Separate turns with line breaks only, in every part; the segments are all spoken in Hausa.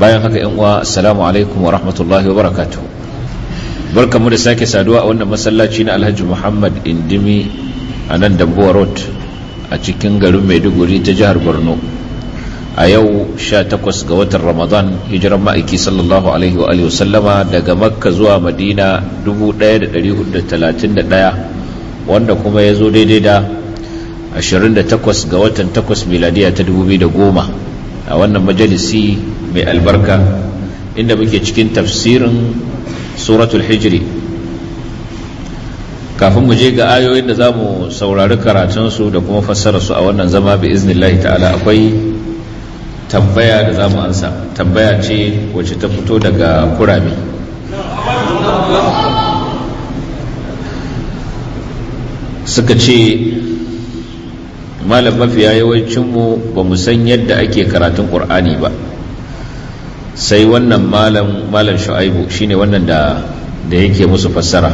bayan haka yan uwa assalamu alaikum wa rahmatullahi wa barakatuh barkamu da sake saduwa a wannan masallaci na Alhaji Muhammad Indimi a nan Dambuwa Road a cikin garin Maiduguri ta jihar Borno a yau 18 ga watan Ramadan hijiran ma'aiki sallallahu alaihi wa alihi sallama daga Makka zuwa Madina 1431 wanda kuma ya zo daidai da 28 ga watan 8 miladiya ta 2010 a wannan majalisi mai albarka inda muke cikin tafsirin suratul hijri kafin mu je ga ayoyin da za mu saurari karatunsu da kuma fassararsu a wannan zama bi iznillahi ta'ala akwai tambaya da za mu ansa tambaya ce wacce ta fito daga kurami suka ce malam mafiya yawancinmu ba mu san yadda ake karatun ƙur'ani ba sai wannan malam Shu'aibu shi ne wannan da yake musu fassara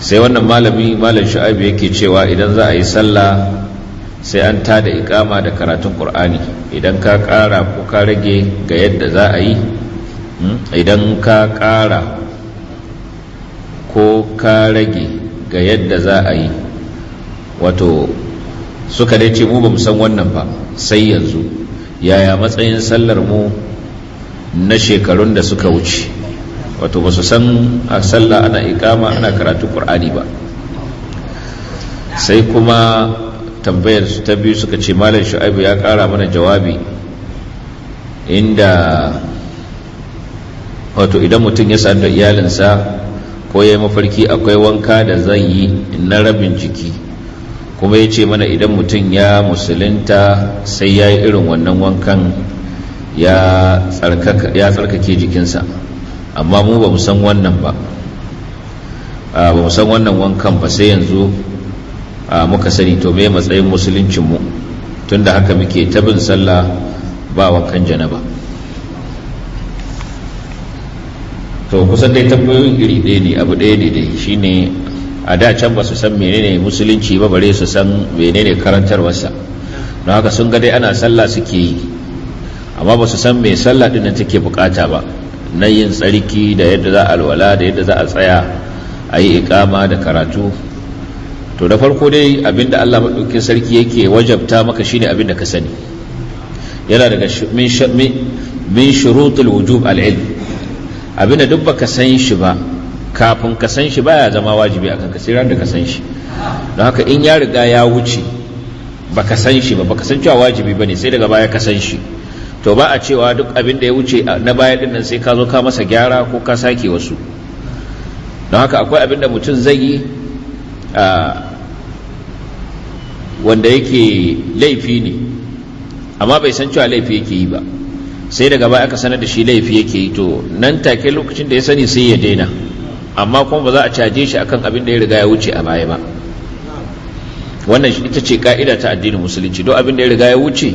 sai wannan malami malam shu'aibu yake cewa idan za a yi sallah sai an da ikama da karatun ƙur'ani, idan ka ƙara ko ka rage ga yadda za a yi hmm, idan ka ƙara ko ka rage ga yadda za a yi wato suka dai ce mu ba san wannan ba sai yanzu yaya matsayin sallar mu na shekarun da suka wuce wato ba su san a sallah ana ikama ana karatu ƙur'ani ba sai kuma tambayar su ta biyu suka ce malam shu'aibu ya ƙara mana jawabi inda wato idan mutum ya sadu da iyalinsa ko ya yi mafarki akwai wanka da zan yi na rabin jiki kuma ya ce mana idan mutum ya musulunta sai ya yi irin wannan wankan ya tsarkake jikinsa amma mu ba san wannan ba ba san wannan wankan ba sai yanzu muka sani to me matsayin musuluncinmu tun da haka muke tabin sallah ba wankan jana ba. to kusan dai tambayoyin iri ɗaya ne abu ɗaya ne dai shine a da can ba su san menene musulunci ba bare su san menene wasa. don haka sun ga dai ana sallah suke yi amma ba su san mai sallah din nan take bukata ba na yin tsarki da yadda za a alwala da yadda za a tsaya a yi ikama da karatu to da farko dai abinda Allah maɗaukin sarki yake wajabta maka shine abinda ka sani yana daga min shurutul wujub al-ilm abinda duk baka san shi ba kafin ka san shi baya zama wajibi a kanka sai da ka san shi don haka in ya riga ya wuce baka san shi ba baka san cewa wajibi bane sai daga baya ka san shi to ba a cewa duk abin da ya wuce na baya din nan sai ka zo ka masa gyara ko ka sake wasu don haka akwai abin da mutum zai yi wanda yake laifi ne amma bai san cewa laifi yake yi ba sai daga baya aka sanar da shi laifi yake yi to nan take lokacin da ya sani sai ya daina amma kuma ba za a caje shi akan abin da ya riga ya wuce a baya ba wannan ita ce ka'ida ta addinin musulunci don abin da ya riga ya wuce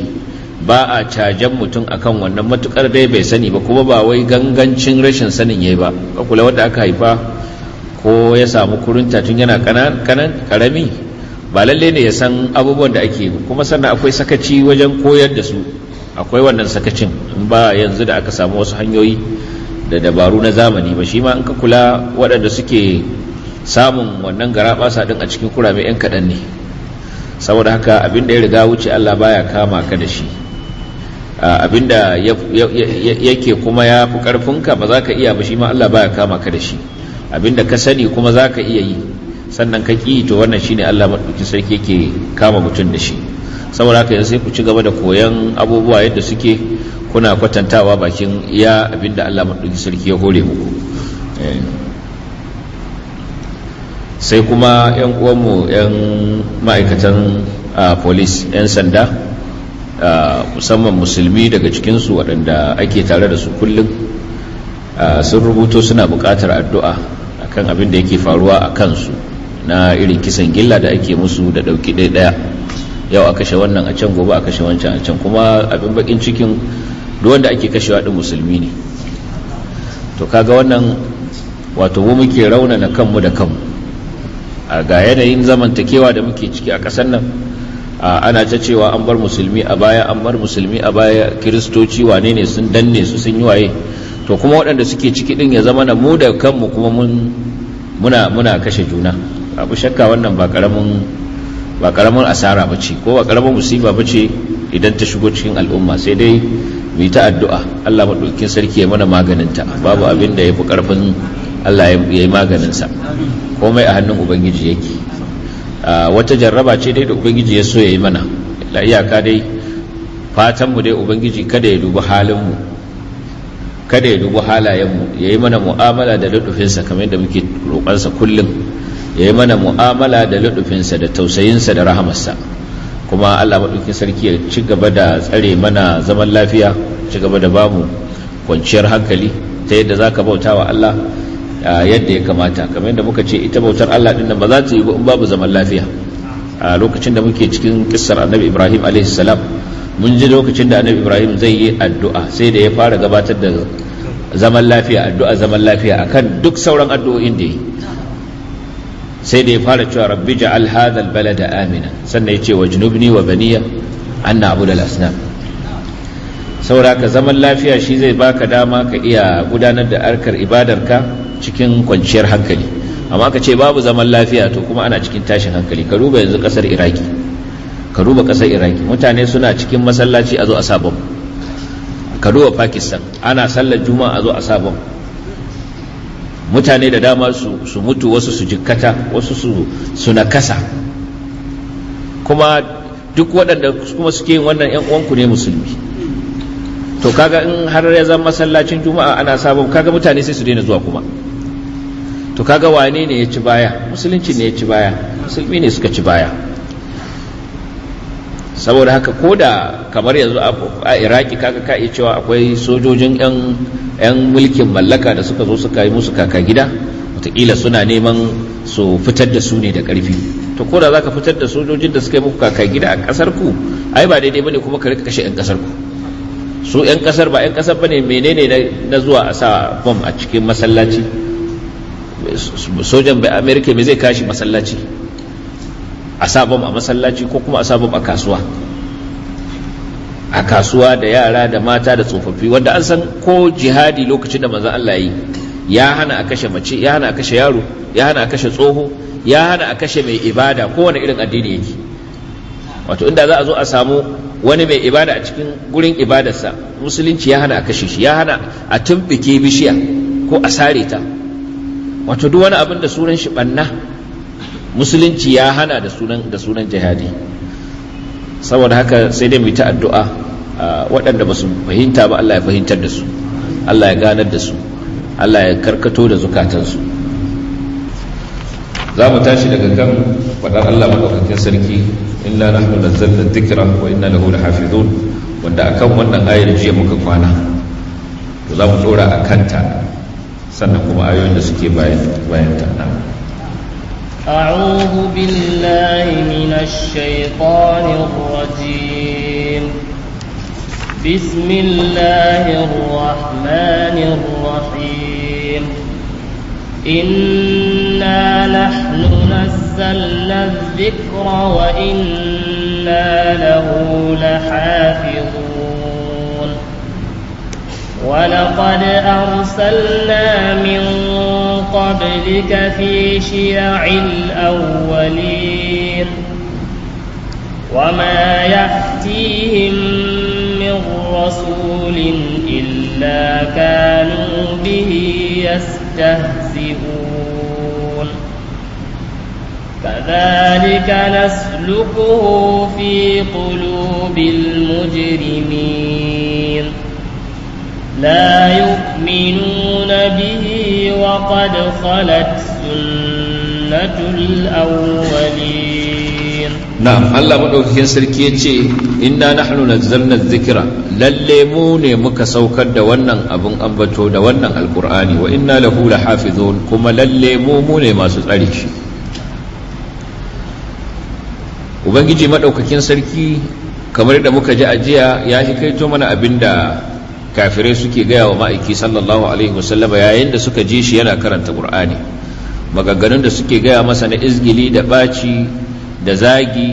ba a cajen mutum akan wannan matukar dai bai sani ba kuma ba wai gangancin rashin sanin yayi ba kula wanda aka haifa ko ya samu kurunta tun yana kanan karami ba lalle ne ya san abubuwan da ake kuma sannan akwai sakaci wajen koyar da su akwai wannan sakacin in ba yanzu da aka samu wasu hanyoyi da dabaru na zamani ba shi ma in ka kula waɗanda suke samun wannan garaɓasa ɗin a cikin kurame 'yan kaɗan ne saboda haka abinda ya riga wuce Allah baya kama ka da shi abinda yake kuma ya fi ƙarfinka ba za ka iya ba shi ma Allah baya kama ka da shi abinda ka sani kuma za ka iya yi sannan ka ƙi to wannan shine Allah maɗauki sarki yake kama mutum da shi saboda haka yanzu sai ku ci gaba da koyon abubuwa yadda suke kuna kwatantawa bakin iya abinda Allah maɗauki sarki ya hore muku eh. sai kuma 'yan uwanmu 'yan ma'aikatan polis 'yan sanda musamman musulmi daga cikinsu waɗanda ake tare da su kullum sun rubuto suna buƙatar addu'a akan abin da yake faruwa a kansu na irin kisan gilla da ake musu da ɗauki ɗaya yau a kashe wannan a can gobe a kashe wancan a can kuma abin bakin cikin duk wanda ake kashewa din musulmi ne to kaga wannan wato mu muke raunana kanmu da kanmu a ga yanayin zamantakewa da muke ciki a ƙasar nan ana ta cewa an bar musulmi a baya an bar musulmi a baya kiristoci wane ne sun danne su sun yi waye to kuma waɗanda suke ciki ɗin ya zama na mu da kanmu kuma muna muna kashe juna abu shakka wannan ba ƙaramin ba karamar asara ba ce ko ba karamar musiba ba ce idan ta shigo cikin al'umma sai dai mu ta addu'a Allah maɗaukin sarki ya mana maganinta babu abin da ya fi ƙarfin Allah ya yi maganinsa komai a hannun ubangiji yake wata jarraba ce dai da ubangiji ya so ya yi mana la iyaka dai fatanmu dai ubangiji kada ya dubi halinmu kada ya halayenmu ya yi mana mu'amala da lutufinsa kamar yadda muke roƙonsa kullum ya yi mana mu'amala da luɗufinsa da tausayinsa da rahamarsa kuma allah maɗaukin sarki ya ci gaba da tsare mana zaman lafiya ci gaba da bamu kwanciyar hankali ta yadda za ka bauta wa allah yadda ya kamata kamar yadda muka ce ita bautar allah ɗin nan ba za ta yi in babu zaman lafiya a lokacin da muke cikin kissar annabi ibrahim a.s. mun ji lokacin da annabi ibrahim zai yi addu'a sai da ya fara gabatar da zaman lafiya addu'a zaman lafiya akan duk sauran addu'o'in da ya yi sai da ya fara cewa rabbi ja'al hadha albalada amina sannan ya ce wajnubni wa baniya an na'budu al-asnam saboda ka zaman lafiya shi zai baka dama ka iya gudanar da harkar ibadarka cikin kwanciyar hankali amma ka ce babu zaman lafiya to kuma ana cikin tashin hankali ka duba yanzu kasar iraki ka kasar iraki mutane suna cikin masallaci a zo a sabon ka duba pakistan ana sallar juma'a a zo a sabon mutane da dama su mutu wasu su jikkata wasu su kasa kuma duk waɗanda kuma suke yin wannan 'yan uwanku ne musulmi to kaga in har ya zama masallacin juma'a ana sabon kaga mutane sai su daina zuwa kuma to kaga wane ne ya ci baya musulunci ne ya ci baya musulmi ne suka ci baya saboda haka ko da kamar yanzu a iraki kaga ka iya cewa akwai sojojin 'yan mulkin mallaka da suka zo suka yi musu kaka gida wataƙila suna neman su fitar da su ne da ƙarfi to ko da za ka fitar da sojojin da suka yi muku kaka gida a ƙasar ku ai ba daidai bane kuma ka rika kashe 'yan ƙasar ku su 'yan ƙasar ba 'yan ƙasar bane menene na zuwa a sa bom a cikin masallaci sojan amerika me zai kashi masallaci a sabon a masallaci ko kuma a sabon a kasuwa a kasuwa da yara da mata da tsofaffi wanda an san ko jihadi lokacin da manzon Allah yi ya hana a kashe mace ya hana a kashe yaro ya hana a kashe tsoho ya hana a kashe mai ibada kowane irin addini yake wato inda za a zo a samu wani mai ibada a cikin gurin ibadarsa musulunci ya hana a kashe shi ya hana a tumbike bishiya ko a sare ta wato duk wani abin da sunan shi banna musulunci ya hana da sunan da sunan jihadi saboda haka sai dai mu ta addu'a waɗanda ba su fahimta ba Allah ya fahimtar da su Allah ya ganar da su Allah ya karkato da su. za mu tashi daga kan faɗar Allah maɗaukakin sarki inna nahnu nazzalna dhikra wa inna lahu lahafizun wanda akan wannan ayar jiya muka kwana to za mu tsora akan ta sannan kuma ayoyin da suke bayan bayan ta
أعوذ بالله من الشيطان الرجيم بسم الله الرحمن الرحيم إنا نحن نزلنا الذكر وإنا له لحافظون ولقد أرسلنا من قبلك في شيع الأولين وما يأتيهم من رسول إلا كانوا به يستهزئون كذلك نسلكه في قلوب المجرمين لا يؤمنون به وقد خلت سنة الأولين
نعم الله مدوكين سركيتي إنا نحن نزلنا الذكر للمون مكسوكا دوانا أبن أبتو دوانا القرآن وإنا له لحافظون كما للمون ما سسأليش Ubangiji maɗaukakin sarki kamar da muka ji a jiya ya shi kai mana abin da kafirai suke gaya wa ma'aiki sallallahu alaihi wasallam yayin da suka ji shi yana karanta qur'ani magagganun da suke gaya masa na izgili da baci da zagi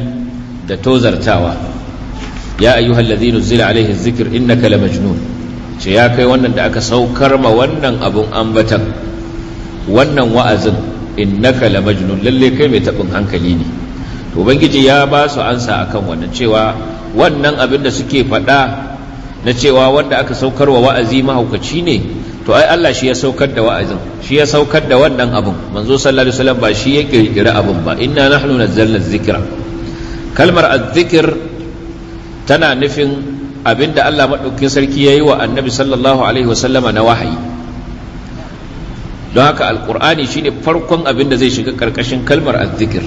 da tozartawa ya ayyuhal ladhina zila alaihi dhikr innaka majnun ce ya kai wannan da aka saukar ma wannan abun ambatan wannan wa'azin innaka majnun lalle kai mai tabin hankali ne to ubangiji ya ba su ansa akan wannan cewa wannan abin da suke faɗa na cewa wanda aka saukar wa wa'azi mahaukaci ne to ai Allah shi ya saukar da wa'azin shi ya saukar da wannan abin manzo sallallahu alaihi wasallam ba shi ya kirkiri abin ba inna nahnu nazzalna dhikra kalmar as-zikir tana nufin abinda Allah madaukakin sarki ya yi wa annabi sallallahu alaihi wasallama na wahayi don haka alqur'ani shine farkon abin da zai shiga karkashin kalmar azzikir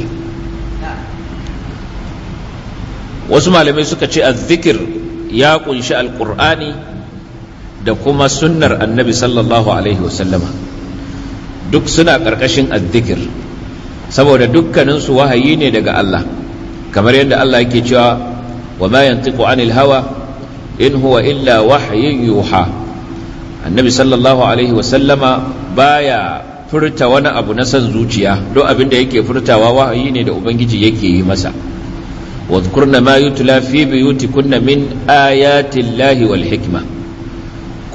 wasu malamai suka ce azzikir ya kunshi alkur'ani da kuma sunnar annabi sallallahu alaihi wasallama duk suna ƙarƙashin azzikir saboda dukkaninsu wahayi ne daga Allah kamar yadda Allah yake cewa wa ma yantiqu anil hawa in huwa illa wahyin yuha annabi sallallahu alaihi wasallama baya furta wani abu na son zuciya don abin da yake furtawa wahayi ne da ubangiji yake yi masa واذكرن ما يتلى في بيوتكن من آيات الله والحكمة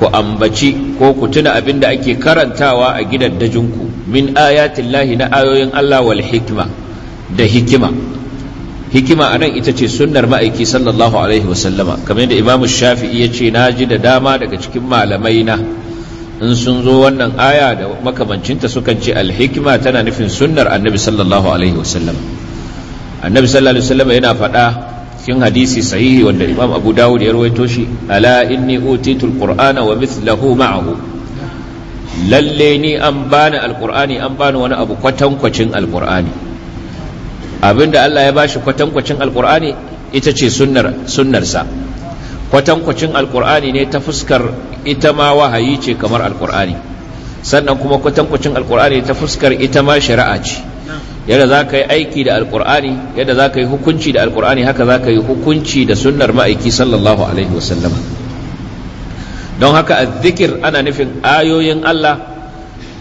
ku ambaci ko ku tuna abin da ake karantawa a gidaddajinku min ayatin lahi na ayoyin Allah wal hikima da hikima hikima a nan ita ce sunnar ma'aiki sallallahu alaihi wasallama kamar yadda imamu shafi'i ya ce na ji da dama daga cikin malamai na in sun zo wannan aya da makamancinta sukan ce alhikima tana nufin sunnar annabi sallallahu alaihi wasallama annabi sallallahu alaihi wasallam yana faɗa cikin hadisi sahihi wanda imam abu dawud ya rawaito shi ala inni utitu alqur'ana wa mithluhu ma'ahu lalle ni an bani alqur'ani an bani wani abu kwatankwacin alqur'ani abinda Allah ya bashi kwatankwacin alqur'ani ita ce sunnar sunnarsa kwatankwacin alqur'ani ne ta fuskar ita ma wahayi ce kamar alqur'ani sannan kuma kwatankwacin alqur'ani ta fuskar ita ma shari'a ce yadda za ka yi aiki da alkur'ani yadda za ka yi hukunci da alkur'ani haka za ka yi hukunci da sunnar ma'aiki sallallahu alaihi wasallama don haka a zikir ana nufin ayoyin allah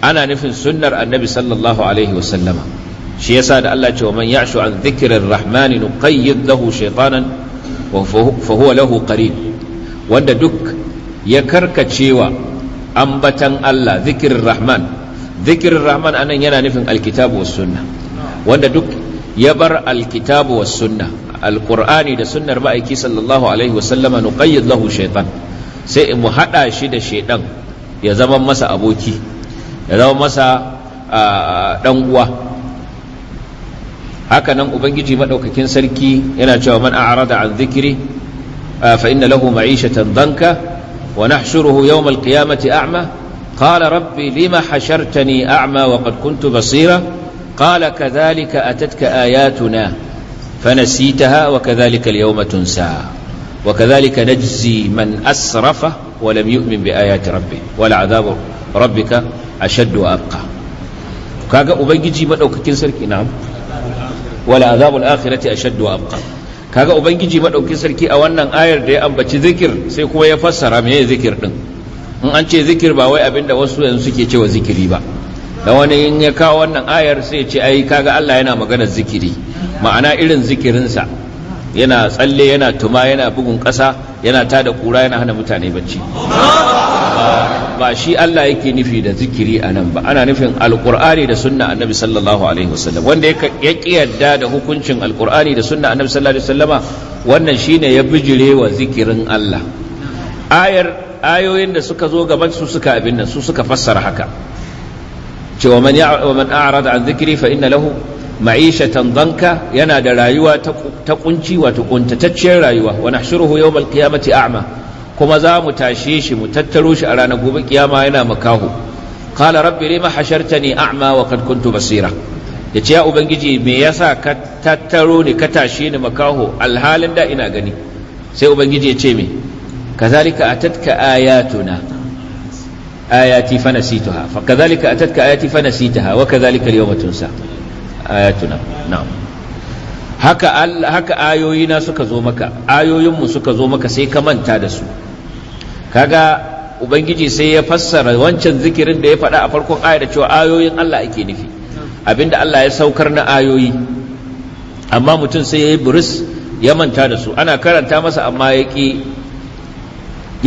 ana nufin sunnar annabi sallallahu alaihi wasallama shi yasa da allah ce wa man ya'shu an zikirin rahmani nuqayyid lahu shaytanan wa huwa lahu qarin wanda duk ya karkacewa ambatan allah zikirin rahman zikirin rahman anan yana nufin alkitabu was sunna wanda duk ya bar alkitabu wa sunna Alkur'ani da sunnar ma'aiki sallallahu alaihi wasallama nuqayyid lahu shaytan sai mu hada shi da shaiɗan ya zama masa aboki ya zama masa dan uwa haka nan ubangiji madaukakin sarki yana cewa man a'rada an dhikri fa inna lahu ma'ishatan danka wa nahshuruhu yawm alqiyamati a'ma qala rabbi lima hashartani a'ma wa qad kuntu basira قال كذلك أتتك آياتنا فنسيتها وكذلك اليوم تنسى وكذلك نجزي من أسرف ولم يؤمن بآيات ربه ولعذاب ربك أشد وأبقى كاغا أبنجي من أوككين سركي نعم ولعذاب الآخرة أشد وأبقى kaga ubangiji madaukin sarki a wannan ayar da ya ambaci zikir sai kuma ya fassara me zikir din in an ce zikir ba wai abinda wasu yanzu suke cewa zikiri ba da wani yin ya kawo wannan ayar sai ce ai kaga Allah yana magana zikiri ma'ana irin zikirinsa yana tsalle yana tuma yana bugun ƙasa yana ta da kura yana hana mutane bacci ba shi Allah yake nufi da zikiri a nan ba ana nufin alkur'ani da sunna annabi sallallahu alaihi wasallam wanda ya kiyarda da hukuncin alkur'ani da sunna annabi sallallahu alaihi wasallama wannan shine ya bijire wa zikirin Allah ayar ayoyin da suka zo gaban su suka abin nan su suka fassara haka cewa man man a'rada an zikiri fa inna lahu ma'ishatan danka yana da rayuwa ta kunci wato kuntatacciyar rayuwa wa nahshuruhu yawmal qiyamati a'ma kuma za mu tashe shi mu tattaro shi a ranar gobe kiyama yana makaho qala rabbi lima hashartani a'ma wa qad kuntu basira yace ya ubangiji me yasa ka tattaro ni ka tashe ni makaho alhalin da ina gani sai ubangiji ya ce me kazalika atatka ayatuna ayati fanasituha fa kadhalika atatka ayati fanasitaha wa kadhalika al-yawma tunsa ayatuna na'am haka al haka na. suka zo maka ayoyinmu suka zo maka sai ka manta da su kaga ubangiji sai ya fassara wancan zikirin da ya faɗa a farkon aya da cewa ayoyin Allah ake nufi abinda Allah ya saukar na ayoyi amma mutum sai ya yi buris ya manta da su ana karanta masa amma ya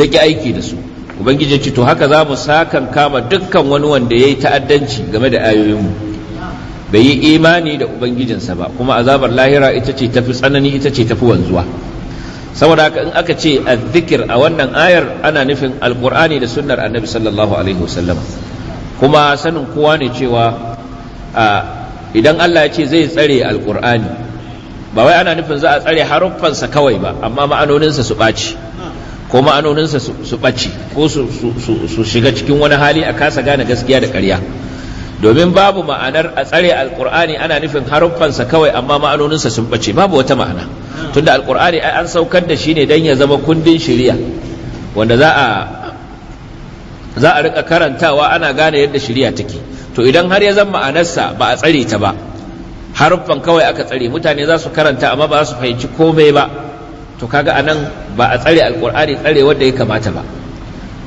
ƙi aiki da su ubangiji ce to haka za mu sakan kama dukkan wani wanda ya yi ta'addanci game da ayoyinmu bai yi imani da ubangijinsa ba kuma azabar lahira ita ce tafi tsanani ita ce tafi wanzuwa saboda haka in aka ce azzikir a wannan ayar ana nufin alqur'ani da sunnar annabi sallallahu alaihi wasallam kuma sanin kowa ne cewa idan Allah ya ce zai tsare alkur'ani ba wai ana nufin za a tsare haruffansa kawai ba amma ma'anoninsa su ɓaci ko ma'anoninsa su ɓace ko su shiga cikin wani hali a kasa gane gaskiya da ƙarya domin babu ma'anar a tsare Alƙur'ani ana nufin haruffansa kawai amma ma'anoninsa sun ɓace babu wata ma'ana tunda alkur'ani an saukar da shi ne don ya zama kundin shiriya wanda za a rika karantawa ana gane yadda shiriya take to idan har ya zama ma'anarsa ba a tsare ta ba haruffan kawai aka tsare mutane za su karanta amma ba za su fahimci komai ba to kaga anan ba a tsare alkur'ani tsare wanda ya kamata ba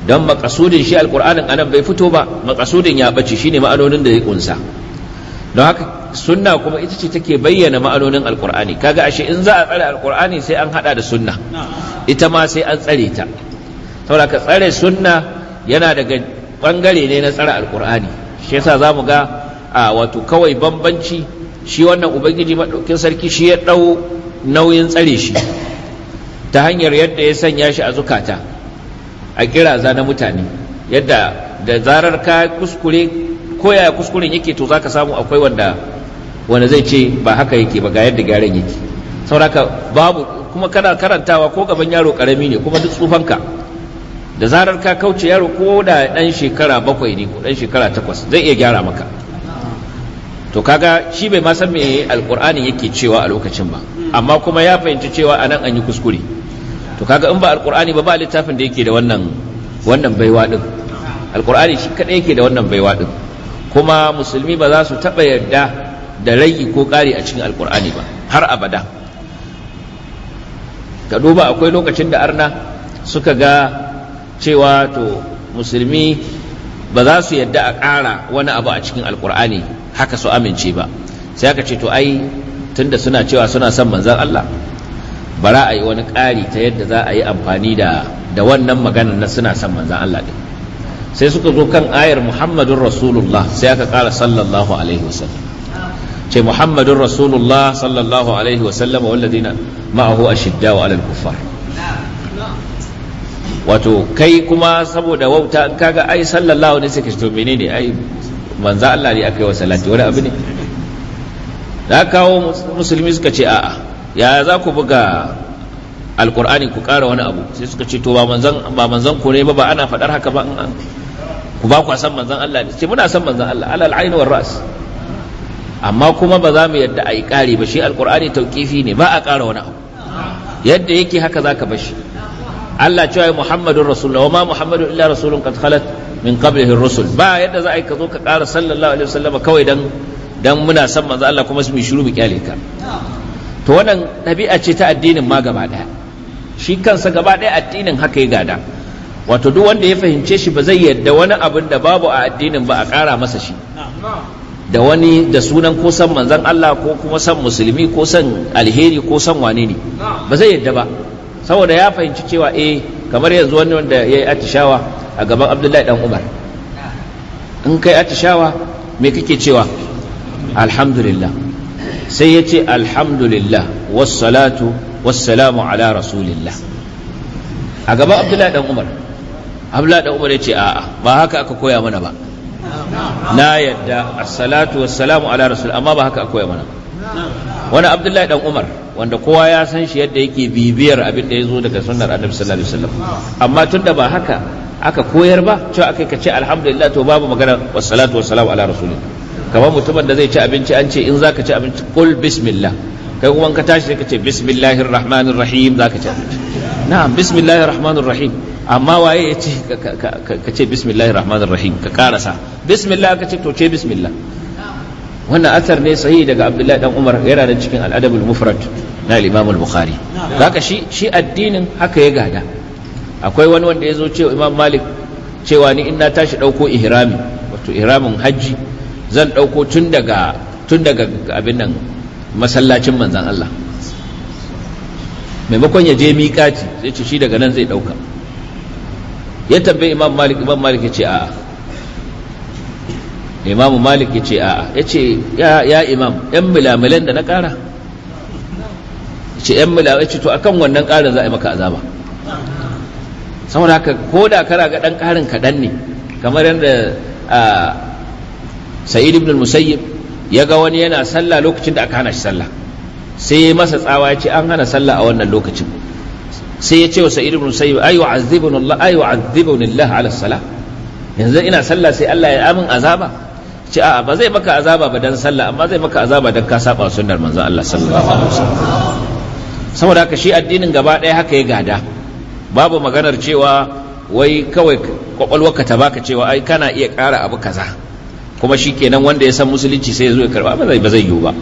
don makasudin shi alkur'anin anan bai fito ba makasudin ya bace shine ma'anonin da ya kunsa don haka sunna kuma ita ce take bayyana ma'anonin alkur'ani kaga ashe in za a tsare alkur'ani sai an hada da sunna ita ma sai an tsare ta saboda ka tsare sunna yana daga bangare ne na tsare alkur'ani shi yasa zamu ga a wato kawai bambanci shi wannan ubangiji madaukin sarki shi ya dau nauyin tsare shi ta hanyar yadda ya sanya shi a zukata a kiraza na mutane yadda da zarar ka kuskure koya kuskuren yake to za ka samu akwai wanda wanda zai ce ba haka yake ba ga yadda gyaran yake sauraka babu kuma kana karantawa ko gaban yaro karami ne kuma duk tsufanka da zarar ka kauce yaro ko da dan shekara bakwai ne ko dan shekara takwas zai iya gyara maka to kaga shi bai ma san me alkur'ani yake cewa a lokacin ba amma kuma ya fahimci cewa anan an yi kuskure to kaga in ba alqur'ani ba ba littafin da yake da wannan wannan baiwa din alqur'ani shi kadai yake da wannan baiwa din kuma musulmi ba za su taba yarda da rayi ko kare a cikin alqur'ani ba har abada ka duba akwai lokacin da arna suka ga cewa to musulmi ba za su yarda a ƙara wani abu a cikin alkur'ani haka su amince ba sai aka ce to ai tunda suna cewa suna son manzan Allah bara a yi wani ƙari ta yadda za a yi amfani da da wannan maganar na suna son manzan Allah ɗin sai suka zo kan ayar muhammadun rasulullah sai aka ƙara sallallahu alaihi wasallam ce muhammadun rasulullah sallallahu alaihi wasallam wa walladina ma'ahu shidda wa alal kuffar wato kai kuma saboda wauta kaga ai sallallahu ne suka to menene ai manzo Allah ne aka yi wa salati wani abu ne da kawo musulmi suka ce a'a ya za ku buga alkur'ani ku ƙara wani abu sai suka ce to ba manzan ku ne ba ba ana faɗar haka ba ku ba ku san manzan Allah ne Sai muna san manzan Allah alal ain war ras amma kuma ba za mu yadda a yi ƙari ba shi alkur'ani tauƙifi ne ba a ƙara wani abu yadda yake haka za ka bashi Allah cewa Muhammadun Rasulullah wa ma Muhammadun illa rasulun qad khalat min qablihi rusul ba yadda za a yi ka zo ka ƙara sallallahu alaihi wasallam kawai dan dan muna san manzo Allah kuma su mu shiru mu kyale ka to wannan ɗabi'a ce ta addinin ma gaba ɗaya shi kansa gaba ɗaya addinin haka ya gada wato duk wanda ya fahimce shi ba zai yarda wani abin da babu a addinin ba a ƙara masa shi da wani da sunan ko san manzon Allah ko kuma san musulmi ko san alheri ko san wane ne ba zai yarda ba saboda ya fahimci cewa eh kamar yanzu wani wanda ya yi atishawa a gaban Abdullahi dan Umar in kai atishawa me kake cewa alhamdulillah sai ya ce alhamdulillah wassalatu wassalamu ala rasulillah a gaba abdullahi dan umar abdullahi dan umar ya ce a'a ba haka aka koya mana ba na yadda assalatu wassalamu ala rasul amma ba haka aka koya mana wani abdullahi dan umar wanda kowa ya san shi yadda yake bibiyar abin da ya zo daga sunnar annabi sallallahu alaihi wasallam amma tunda ba haka aka koyar ba cewa aka ce alhamdulillah to babu magana wassalatu wassalamu ala rasulillah kamar mutumin da zai ci abinci an ce in zaka ci abinci kul bismillah kai kuma ka tashi sai ka ce bismillahir rahmanir rahim zaka ci abinci na'am bismillahir rahmanir rahim amma waye ya ce ka ce bismillahir rahmanir rahim ka karasa bismillah ka ce to ce bismillah wannan asar ne sahihi daga abdullahi dan umar yana da cikin al'adabul mufrad na al-imam al-bukhari zaka shi shi addinin haka ya gada akwai wani wanda ya zo cewa imam malik cewa ni in na tashi dauko ihrami wato ihramin hajji zan ɗauko tun daga tun daga abin nan masallacin manzan Allah maimakon ya je miƙaci zai ce shi daga nan zai ɗauka ya tambayi imam malik imam malik ya ce a'a imam malik ya ce a'a ya ce ya imam yan milamilan da na ƙara ya ce yan milamilan ya ce to akan wannan ƙarin za a yi maka azaba saboda haka ko da kara ga ɗan ƙarin kaɗan ne kamar yadda sa'id ibn musayyib ya ga wani yana sallah lokacin da aka hana shi sallah sai ya masa tsawa ya ce an hana sallah a wannan lokacin sai ya ce wa sa'id ibn musayyib ayu azibun allah ayu azibun allah ala salah yanzu ina sallah sai Allah ya amin azaba ce a'a ba zai maka azaba ba dan sallah amma zai maka azaba dan ka saba sunnar manzon Allah sallallahu alaihi wasallam saboda haka shi addinin gaba ɗaya haka ya gada babu maganar cewa wai kawai kwakwalwarka ta baka cewa ai kana iya ƙara abu kaza kuma shi kenan wanda ya san musulunci sai ya zo ya karba ba zai yiwu ba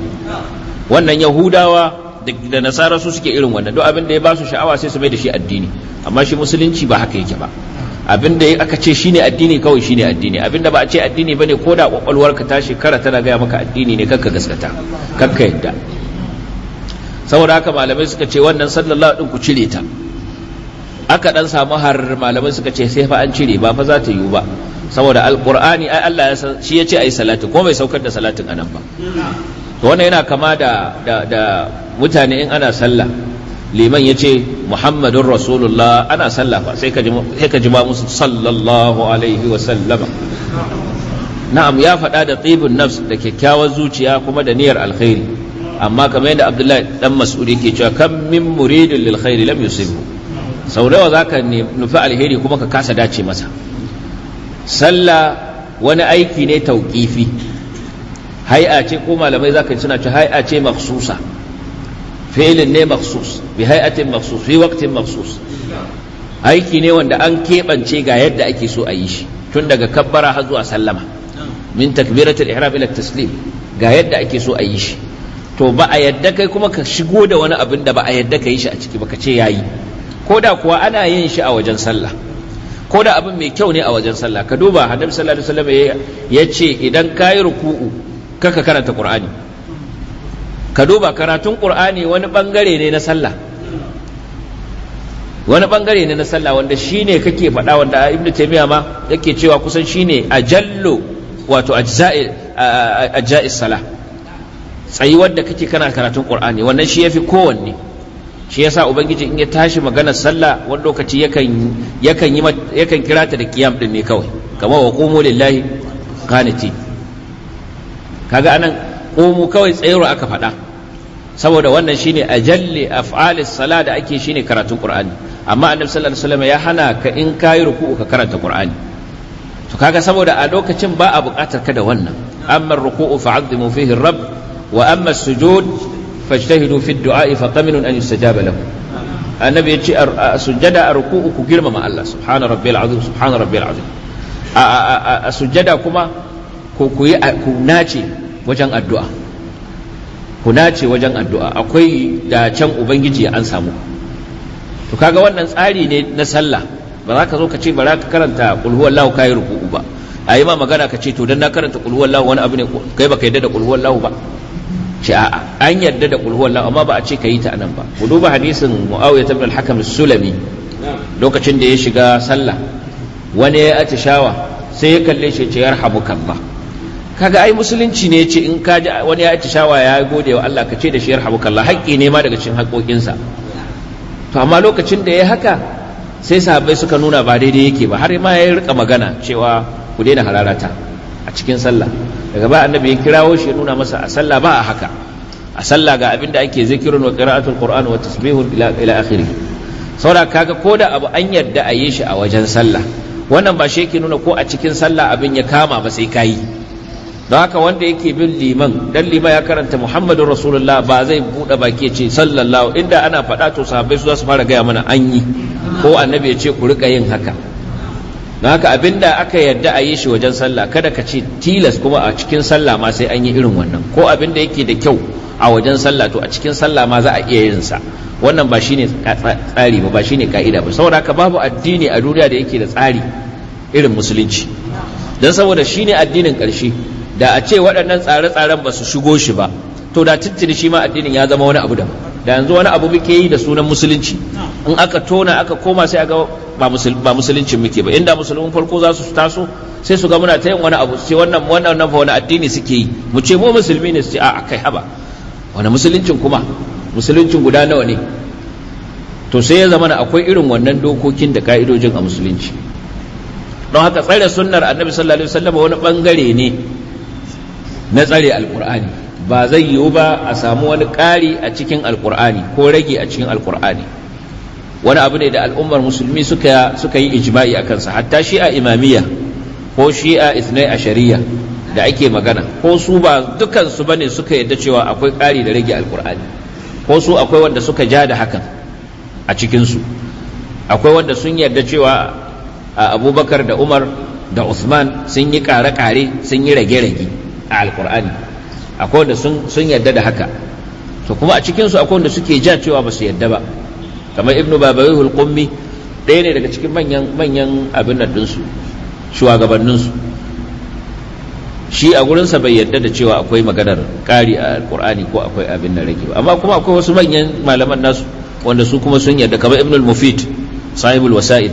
wannan yahudawa da nasara su suke irin wannan duk abin da ya ba su sha'awa sai su mai da shi addini amma shi musulunci ba haka yake ba abin da aka ce shine addini kawai shine addini abin da ba a ce addini bane ko da ka ta shekara tana gaya maka addini ne kakka gaskata kakka yadda saboda haka malamai suka ce wannan sallallahu din ku cire ta aka dan samu har malamai suka ce sai fa an cire ba fa za ta yiwu ba saboda alqur'ani ai Allah ya ce shi yace ai salati ko bai saukar da salatin anan ba to wannan yana kama da da, mutane in ana sallah liman yace muhammadun rasulullah ana sallah fa sai ka ji sai ka ji ba musu sallallahu alaihi wa sallama na'am ya faɗa da tsibin nafs da kyakkyawar zuciya kuma da niyyar alkhairi amma kamar yadda abdullahi dan mas'ud yake cewa kam min muridin lil khairi lam sau nawa za ka nufi alheri kuma ka kasa dace masa sallah wani aiki ne tauƙifi hai'a ce ko malamai za ka suna ci hai'a ce maksusa filin ne maksus bi hai'atin maksus fi waktin maksus aiki ne wanda an keɓance ga yadda ake so a yi shi tun daga kabbara har zuwa sallama min takbiratul ihram ila taslim ga yadda ake so a yi shi to ba a yadda kai kuma ka shigo da wani abin da ba a yadda ka yi shi a ciki ba ka ce yayi ko da kuwa ana yin shi a wajen sallah ko da abin mai kyau ne a wajen sallah ka duba hadam sallallahu alaihi wasallam ya ce idan ka yi ruku'u kaka karanta qur'ani ka duba karatun qur'ani wani bangare ne na sallah wani bangare ne na sallah wanda shine kake faɗa wanda ibnu taymiya ma yake cewa kusan shine ajallu wato ajza'i ajza'i salah Tsayi wanda kake kana karatun qur'ani wannan shi yafi kowanne shi yasa ubangiji in ya tashi maganar sallah wani lokaci yakan yakan yi yakan kira ta da kiyam din ne kawai kamar wa qumu lillahi qanati kaga anan qumu kawai tsayarwa aka faɗa saboda wannan shine ajalli af'alis sala da ake shine karatun qur'ani amma annabi sallallahu alaihi wasallam ya hana ka in kayi ruku'u ka karanta qur'ani to kaga saboda a lokacin ba a buƙatar ka da wannan amma ruku'u fa'azzimu fihi rabb wa amma sujud fajtahidu fi du'a'i fa qaminun an yustajaba lahu annabi yace sujjada a ruku'u ku girmama Allah subhana rabbil azim subhana rabbil azim a sujada kuma ku ku nace wajen addu'a ku nace wajen addu'a akwai da can ubangiji an samu to kaga wannan tsari ne na sallah ba za ka zo ka ce ba za ka karanta qul huwallahu kayi ruku'u ba a yi ma magana ka ce to dan na karanta qul huwallahu wani abu ne kai ba ka yadda da qul huwallahu ba ce a'a an yarda da kulhu wallahu amma ba a ce ka yi ta anan ba ku duba hadisin muawiya ibn al-hakam sulami lokacin da ya shiga sallah wani ya atishawa sai ya kalle shi ce yarhamukallah kaga ai musulunci ne ce in ka wani ya atishawa ya gode wa Allah ka ce da shi yarhamukallah haƙƙi ne ma daga cikin haƙoƙinsa to amma lokacin da ya haka sai sahabbai suka nuna ba daidai yake ba har ma ya rika magana cewa ku daina hararata a cikin sallah daga ba annabi ya kirawo shi ya nuna masa a sallah ba a haka a sallah ga abinda ake zikirin wa qira'atul qur'an wa tasbihun ila ila akhirih saboda kaga ko da abu an yarda a yi shi a wajen sallah wannan ba shi yake nuna ko a cikin sallah abin ya kama ba sai kayi don haka wanda yake bin liman dan liman ya karanta muhammadun rasulullah ba zai buɗe baki ya ce sallallahu inda ana faɗa to sahabbai su za su fara gaya mana an yi ko annabi ya ce ku rika yin haka don haka da aka yarda a yi shi wajen sallah kada ka ce tilas kuma a cikin sallah ma sai an yi irin wannan ko abin abinda yake da kyau a wajen sallah to a cikin sallah ma za a iya yin sa wannan ba shine tsari ba ba shine ka'ida ba saboda haka babu addini a duniya da yake da tsari irin musulunci dan saboda shine addinin karshe da a ce waɗannan tsare-tsaren ba su shigo shi ba to da tuntuni shi ma addinin ya zama wani abu daban da yanzu wani abu muke yi da sunan musulunci in aka tona aka koma sai aga ba musuluncin muke ba inda musulmin farko za su taso sai su ga muna ta yin wani abu sai wannan wannan fa wani addini suke yi mu ce mu musulmi ne su a kai haba wani musuluncin kuma musuluncin guda nawa ne to sai ya zama akwai irin wannan dokokin da ka'idojin a musulunci don haka tsare sunnar annabi sallallahu alaihi wasallam wani bangare ne na tsare alqur'ani ba zai yiwu ba a samu wani ƙari a cikin alkur'ani ko rage a cikin alkur'ani wani abu ne da al'ummar musulmi suka suka yi ijma'i a kansa hatta shi a imamiyya ko shi a isnai a shari'a da ake magana ko su ba dukansu ba ne suka yadda cewa akwai ƙari da rage alkur'ani ko su akwai wanda suka ja da hakan a cikinsu? akwai wanda sun yarda cewa a abubakar da umar da usman sun yi ƙare-ƙare sun yi rage-rage a alkur'ani akwai wanda sun yarda da haka to kuma a cikinsu akwai wanda suke ja cewa ba su yarda ba kamar ibnu babawihu al-qummi ɗaya ne daga cikin manyan manyan abin nan ɗinsu shugabanninsu shi a gurinsa bai yarda da cewa akwai maganar ƙari a alƙur'ani ko akwai abin nan rage ba amma kuma akwai wasu manyan malaman nasu wanda su kuma sun yarda kamar ibnu al-mufid sahibul wasa'id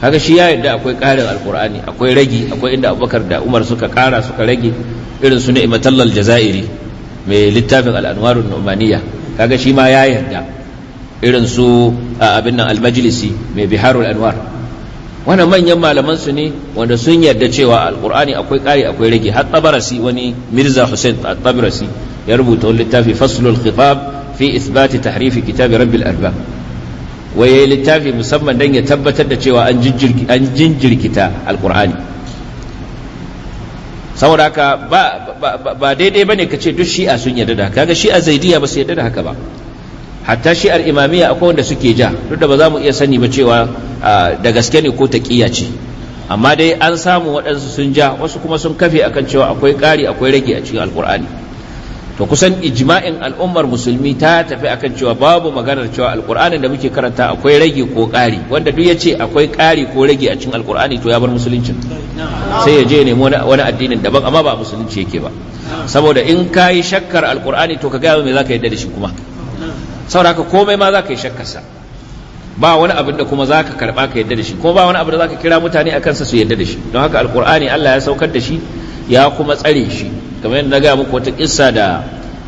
haka shi ya yarda akwai ƙarin alƙur'ani akwai rage akwai inda abubakar da umar suka ƙara suka rage irin su ni'matallal jazairi mai littafin al'anwarun numaniya kaga shi ma ya yarda irin su abin nan almajlisi mai biharul anwar wannan manyan malaman su ne wanda sun yarda cewa alqur'ani akwai kari akwai rage har tabarasi wani mirza hussein tabarasi ya rubuta wani littafi faslul khitab fi ithbati tahrifi kitabi rabbil arbab waye littafi musamman dan ya tabbatar da cewa an jinjirkita alqur'ani saboda haka ba daidai bane ka ce duk shi'a sun yarda da kaga shi'a zaidiya ba su yarda da haka ba hatta shi'ar imamiyya akwai wanda suke ja duk da ba za mu iya sani ba cewa da gaske ne ko taqiya ce amma dai an samu waɗansu sun ja wasu kuma sun kafe akan cewa akwai ƙari akwai rage a cikin alkur'ani to kusan ijma'in al'ummar musulmi ta tafi akan cewa babu maganar cewa alkurani da muke karanta akwai rage ko ƙari wanda duk ya ce akwai ƙari ko rage a cikin alqur'ani to ya bar musuluncin sai ya je nemi wani addinin daban amma ba musulunci yake ba saboda in ka yi shakkar alqur'ani to ka gaya me za ka yarda da shi kuma saboda haka komai ma za ka yi shakkarsa ba wani abin da kuma za ka karba ka yadda da shi kuma ba wani abin da za ka kira mutane akan sa su yadda da shi don haka alqur'ani Allah ya saukar da shi ya kuma tsare shi kamar yadda na gaya muku wata kissa da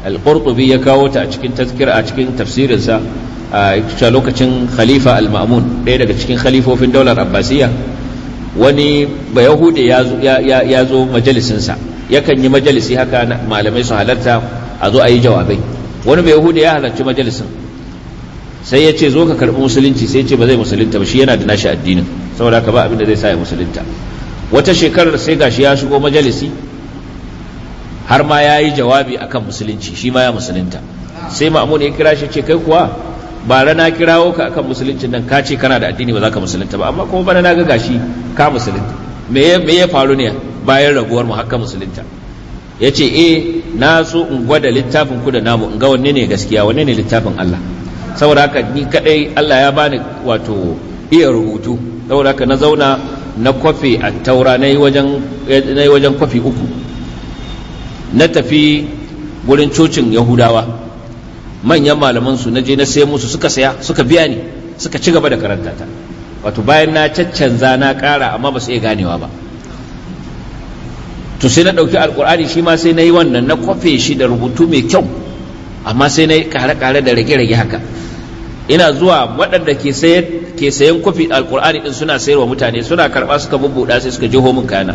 al-qurtubi ya kawo ta a cikin tazkira a cikin tafsirinsa a lokacin khalifa al-ma'mun ɗaya daga cikin khalifofin daular abbasiya wani bayahude ya zo majalisinsa yakan yi majalisi haka malamai su halarta a zo a yi jawabai wani bayahude ya halarci majalisin sai ya ce zo ka karɓi musulunci sai ya ce ba zai musulunta ba shi yana da nashi addinin saboda haka ba abin da zai sa ya musulunta wata shekarar sai gashi ya shigo majalisi har ma ya yi jawabi akan musulunci shi ma ya musulunta sai ma'amun ya kira shi ce kai kuwa ba rana kirawo ka akan musulunci nan ka ce kana da addini ba za ka musulunta ba amma kuma bana na ga gashi ka musulunta me ya faru ne bayan raguwar mu haka musulunta ya ce e na so in gwada littafin ku da namu in ga wanne ne gaskiya wanne ne littafin Allah saboda haka ni kadai Allah ya bani wato iya rubutu saboda haka na zauna na kwafi a taura na yi wajen kwafi uku na tafi gurin cocin yahudawa manyan malaman su na je na sai musu suka saya suka biya ni suka ci gaba da karanta ta wato bayan na caccanza na kara amma ba su iya ganewa ba to sai na ɗauki alƙur'ani shi ma sai na yi wannan na kwafe shi da rubutu mai kyau amma sai na yi kare da rage-rage haka ina zuwa waɗanda ke sayan kwafi alƙur'ani ɗin suna sayarwa mutane suna karɓa suka bubbuɗa sai suka je homin kayana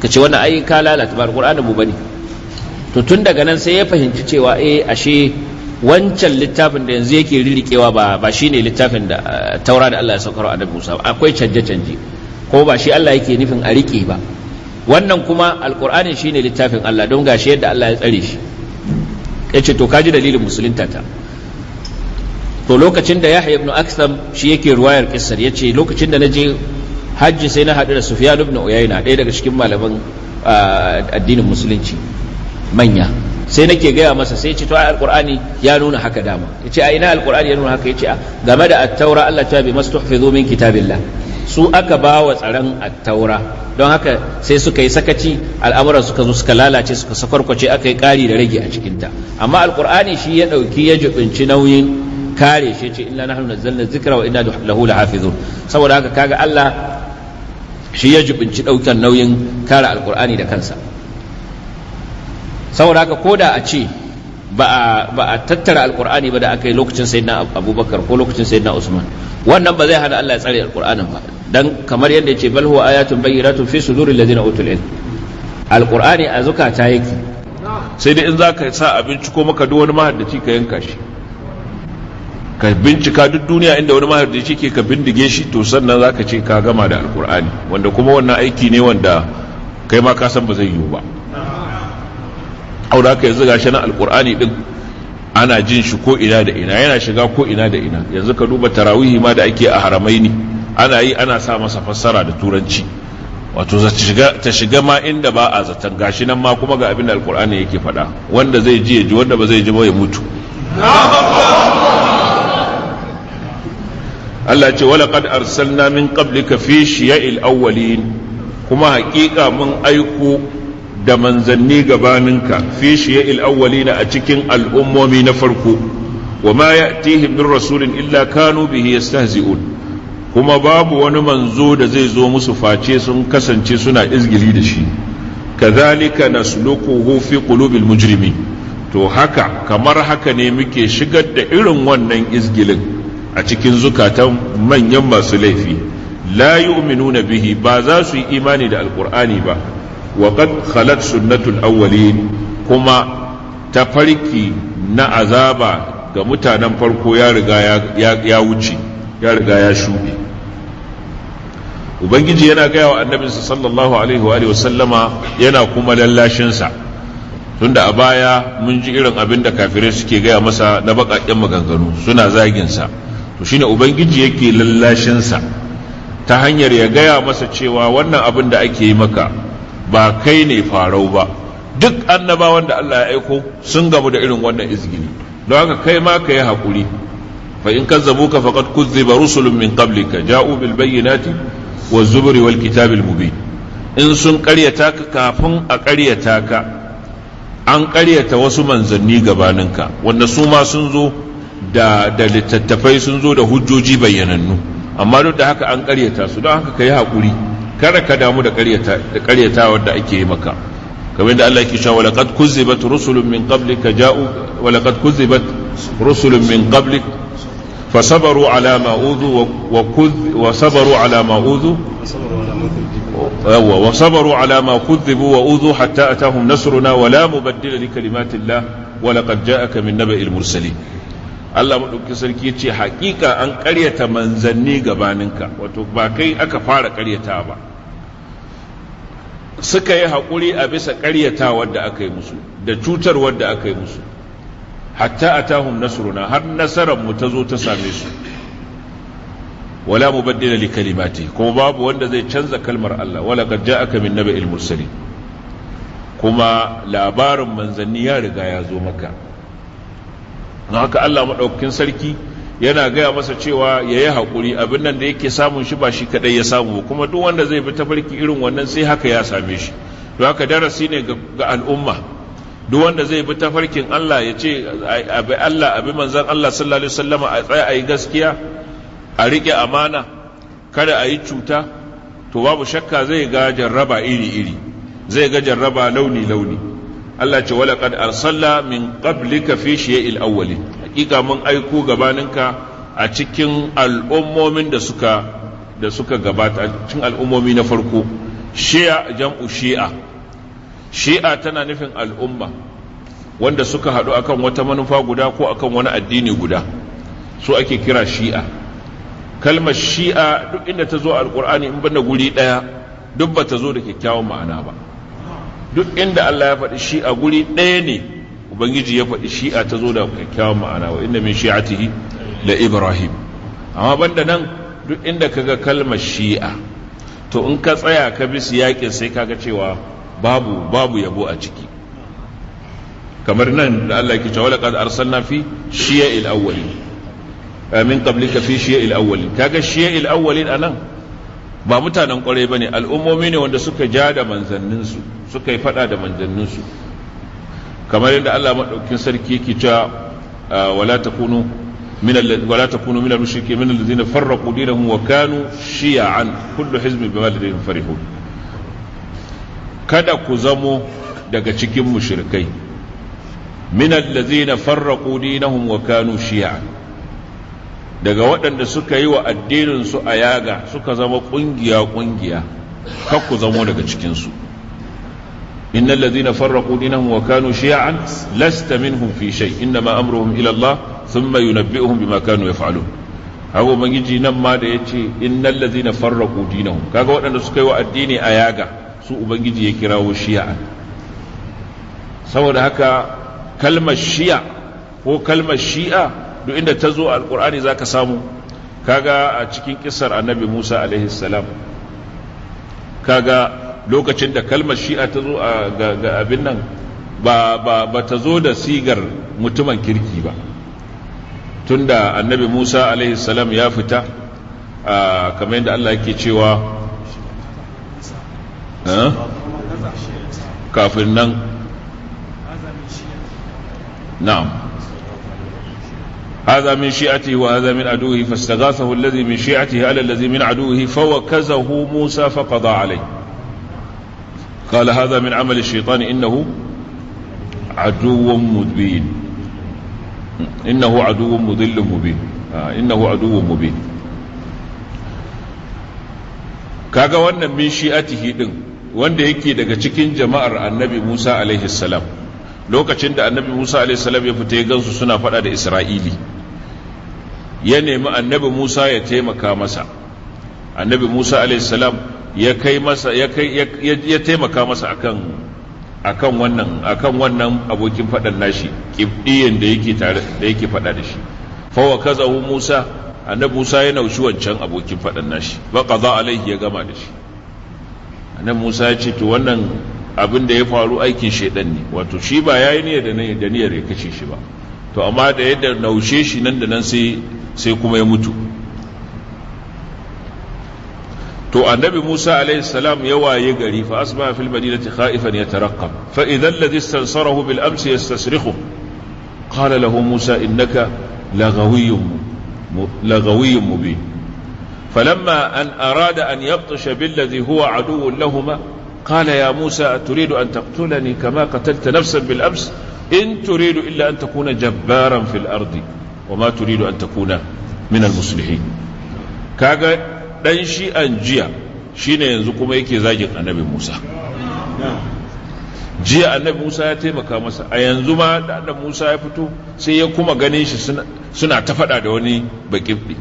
suka ce wannan ai ka lalata ba alqur'ani mu bane to tun daga nan sai ya fahimci cewa eh ashe wancan littafin da yanzu yake ririkewa ba ba shine littafin da eh, taura da Allah ya saukar wa annabi Musa akwai canje canje ko ba shi Allah yake nufin a rike ba wannan kuma alqur'ani shine littafin Allah don gashi yadda Allah ya tsare shi yace to kaji dalilin musulunta ta to lokacin da Yahya ibn Aksam shi yake ruwayar kissar yace lokacin da naje hajji sai na haɗu da sufyan ibn uyayna ɗaya daga cikin malaman addinin musulunci manya sai nake gaya masa sai ce to ai alqur'ani ya nuna haka dama yace a ina alqur'ani ya nuna haka yace a game da at-taura Allah ta bi mastuhfizu min kitabillah su aka ba wa tsaron at-taura don haka sai suka yi sakaci al'amuran suka zo suka lalace suka sakwarkwace aka yi ƙari da rage a cikinta amma alqur'ani shi ya ɗauki ya jubinci nauyin kare shi ce inna nahnu nazzalna dhikra wa inna lahu lahafizun saboda haka kaga Allah shi ya jibinci ɗaukar nauyin kare alkur'ani da kansa saboda haka koda a ce ba a tattara alkur'ani ba da aka yi lokacin na abubakar ko lokacin na usman wannan ba zai hana Allah ya tsare alkur'anin ba dan kamar yadda ce bal huwa ayatun bayyinatun fi suduril ladina utul ilm alkur'ani a zukata yake sai dai in zaka sa abinci ko maka duk wani mahaddaci ka yanka shi ka
bincika duk duniya inda wani mahaddaci ke ka bindige shi to sannan za ka ce ka gama da alkur'ani wanda kuma wannan aiki ne wanda kai ma ka san ba zai yiwu ba aura ka yanzu gashi na alkur'ani din ana jin shi ko ina da ina yana shiga ko ina da ina yanzu ka duba tarawihi ma da ake a haramai ne ana yi ana sa masa fassara da turanci wato ta shiga ma inda ba a zaton gashi nan ma kuma ga abin da alkur'ani yake faɗa wanda zai ji wanda ba zai ji ba ya mutu Allah ce wala qad arsalna min qablika fi shiya'il awwalin kuma haƙiƙa mun aiko da manzanni gabaninka fi shiya'il awwalin a cikin al'ummomi na farko wa ma ya'tihim min rasulin illa kanu bihi yastahzi'un kuma babu wani manzo da zai zo musu face sun kasance suna izgili da shi kazalika nasluquhu fi qulubil mujrimin to haka kamar haka ne muke shigar da irin wannan izgilin a cikin zukatan manyan masu laifi la yu'minuna bihi ba za su yi imani da alqur'ani ba wa qad khalat sunnatul awwalin kuma ta farki na azaba ga mutanen farko ya riga ya wuce ya riga ya shuɗe ubangiji yana gaya wa annabinsa sallallahu alaihi wa sallama yana kuma lallashinsa tunda a baya mun ji irin abin da kafirai suke gaya masa na baƙaƙen maganganu suna zaginsa to shine ubangiji yake lallashinsa ta hanyar ya gaya masa cewa wannan abin da ake yi maka ba kai ne farau ba duk annabawan da Allah ya aiko sun gamu da irin wannan izgini don haka kai ma ka yi haƙuri fa in kazzabuka faqad kuzziba rusulun min qablika ja'u bil bayyinati wa zuburi wal kitabil mubin in sun ƙaryata ka kafin a ƙaryata ka an ƙaryata wasu manzanni gabaninka wanda su ma sun zo da littattafai sun zo da hujjoji bayyanannu amma duk da haka an karyata su don haka ka yi haƙuri kada ka damu da karyata da karyatawa ake yi maka kamar da Allah yake cewa walaqad kuzzibat rusulun min qablika ja'u walaqad kuzzibat rusulun min qablik فصبروا على ما أوذوا وكذ وصبروا على ما أوذوا وصبروا على ما كذبوا وأوذوا حتى أتاهم نصرنا ولا مبدل لكلمات الله ولقد جاءك من نبأ المرسلين Allah maɗauki sarki ce haƙiƙa an ƙaryata manzanni gabaninka wato ba kai aka fara ƙaryata ba suka yi haƙuri a bisa ƙaryata wadda aka yi musu da cutar wadda aka yi musu hatta a tahun nasuruna har nasarar mu ta zo ta same su wala mu baddina li kalimati kuma babu wanda zai canza kalmar Allah wala kad ja'aka min naba'il mursalin kuma labarin manzanni ya riga ya zo maka don haka Allah maɗaukakin sarki yana gaya masa cewa ya yi haƙuri abin nan da yake samun shi ba shi kaɗai ya samu kuma duk wanda zai bi tafarki irin wannan sai haka ya same shi don haka darasi ne ga al'umma duk wanda zai bi tafarkin Allah ya ce abi Allah abi manzon Allah sallallahu alaihi wasallama a tsaya a yi gaskiya a riƙe amana kada a yi cuta to babu shakka zai ga jarraba iri iri zai ga jarraba launi launi Allah ce wala qad arsalna min qablika fi shiya'il awwali hakika mun aiko gabaninka a cikin al'ummomin da suka da suka gabata cikin al'ummomi na farko shi'a jam'u shi'a shi'a tana nufin al'umma wanda suka haɗu akan wata manufa guda ko akan wani addini guda su ake kira shi'a kalmar shi'a duk inda ta zo alƙur'ani in banda guri ɗaya duk ba ta zo da kyakkyawan ma'ana ba duk inda Allah ya faɗi shi a guri ɗaya ne ubangiji ya faɗi shi'a ta zo da kyakkyawan ma'ana wa inda min shi'atihi da ibrahim amma banda nan duk inda ka ga kalmar shi'a to in ka tsaya ka bi siyakin sai kaga cewa babu babu yabo a ciki kamar nan da Allah yake cewa laqad arsalna fi shiya'il awwalin eh, min qablika fi shiya'il awwalin kaga shiya'il awwalin anan ba mutanen kwarai ba ne al'ummomi ne wanda suka ja da manzanninsu suka yi fada da manzanninsu kamar yadda Allah maɗaukin sarki yake cewa ah, wala takunu min wala takunu min al-mushrikeen min alladhina farraqu dinahum wa kanu shi'an kullu hizbin bima ladayhim farihun kada ku zamo daga cikin mushrikai min alladhina farraqu dinahum wa kanu shi'an daga waɗanda suka yi wa addininsu a yaga suka zama ƙungiya-ƙungiya ku zamo daga cikinsu innal na farraqu dinahum wa kanu shi'an lasta minhum fi shay inna ma amruhum ila Allah thumma yunabbi'uhum bima ya yaf'alun haka ubangiji nan ma da yace innal ladzina farraqu dinahum kaga waɗanda suka yi wa addini a yaga su ubangiji ya kirawo shi'an saboda haka kalmar shi'a ko kalmar shi'a duk inda ta zo alkur'ani za ka samu kaga a cikin kisar annabi musa salam kaga lokacin da kalmar shi'a ta zo ga abin nan ba ta zo da sigar mutumin kirki ba Tun da annabi musa salam ya fita kamar yadda allah yake cewa kafin nan na'am هذا من شيعته وهذا من عدوه فاستغاثه الذي من شيعته على الذي من عدوه فوكزه موسى فقضى عليه قال هذا من عمل الشيطان إنه عدو مبين إنه عدو مضل مبين إنه عدو مبين kaga wannan min shi'atihi din wanda yake daga cikin jama'ar annabi Musa alaihi salam lokacin da annabi Musa alaihi salam ya fita ya gansu suna fada da Isra'ili ya nemi annabi Musa ya taimaka masa annabi Musa alaihissalam ya kai masa ya kai ya taimaka masa akan akan wannan akan wannan abokin fadan nashi kibdiyan da yake tare da yake fada da shi fa wa kazahu Musa annabi Musa ya naushi wancan abokin fadan nashi ba qaza alaihi ya gama da shi annabi Musa ya ce to wannan abin da ya faru aikin shedan ne wato shi ba yayi ne da niyyar ya kashe shi ba to amma da yadda naushe shi nan da nan sai sai kuma ya mutu to annabi Musa alayhi salam ya waye gari fa asma fil madinati khaifan yataraqqab fa idha alladhi istansarahu bil amsi yastasrikhu qala lahu Musa innaka laghawiyyun laghawiyyun mubin فلما أن أراد أن يبطش بالذي هو عدو لهما قال يا موسى أتريد أن تقتلني كما قتلت نفسا بالأمس إن تريد إلا أن تكون جبارا في الأرض wa ma turidu an takuna min al-muslihin kaga dan shi an jiya shine yanzu kuma yake zagin annabi Musa jiya annabi Musa ya taimaka masa a yanzu ma da annabi Musa ya fito sai ya kuma ganin shi suna ta faɗa da wani bakibdi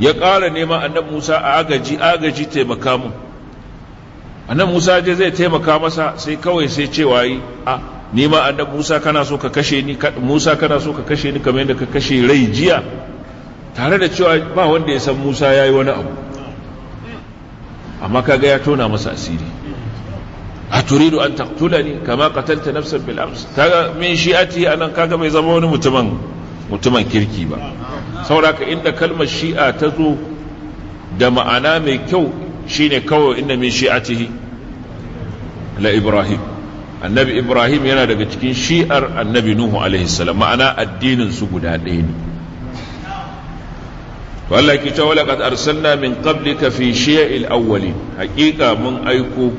ya ƙara nema annabi Musa a agaji agaji taimaka mu annabi Musa je zai taimaka masa sai kawai sai cewa yi a ni ma annabi Musa kana so ka kashe ni Musa kana so ka kashe ni kamar yadda ka kashe rai jiya tare da cewa ba wanda ya san Musa yayi wani abu amma kaga ya tona masa asiri a turidu an ni, kama qatalta nafsan bil amr kaga min shi'ati anan kaga bai zama wani mutumin mutumin kirki ba saboda inda kalmar shi'a ta zo da ma'ana mai kyau shine kawai inna min shi'atihi la ibrahim annabi ibrahim yana daga cikin shi'ar annabi nuhu alaihi salam ma'ana addinin su guda ɗaya ne wallahi ki tawala qad arsalna min qablika fi shi'il awwalin haqiqa mun aiko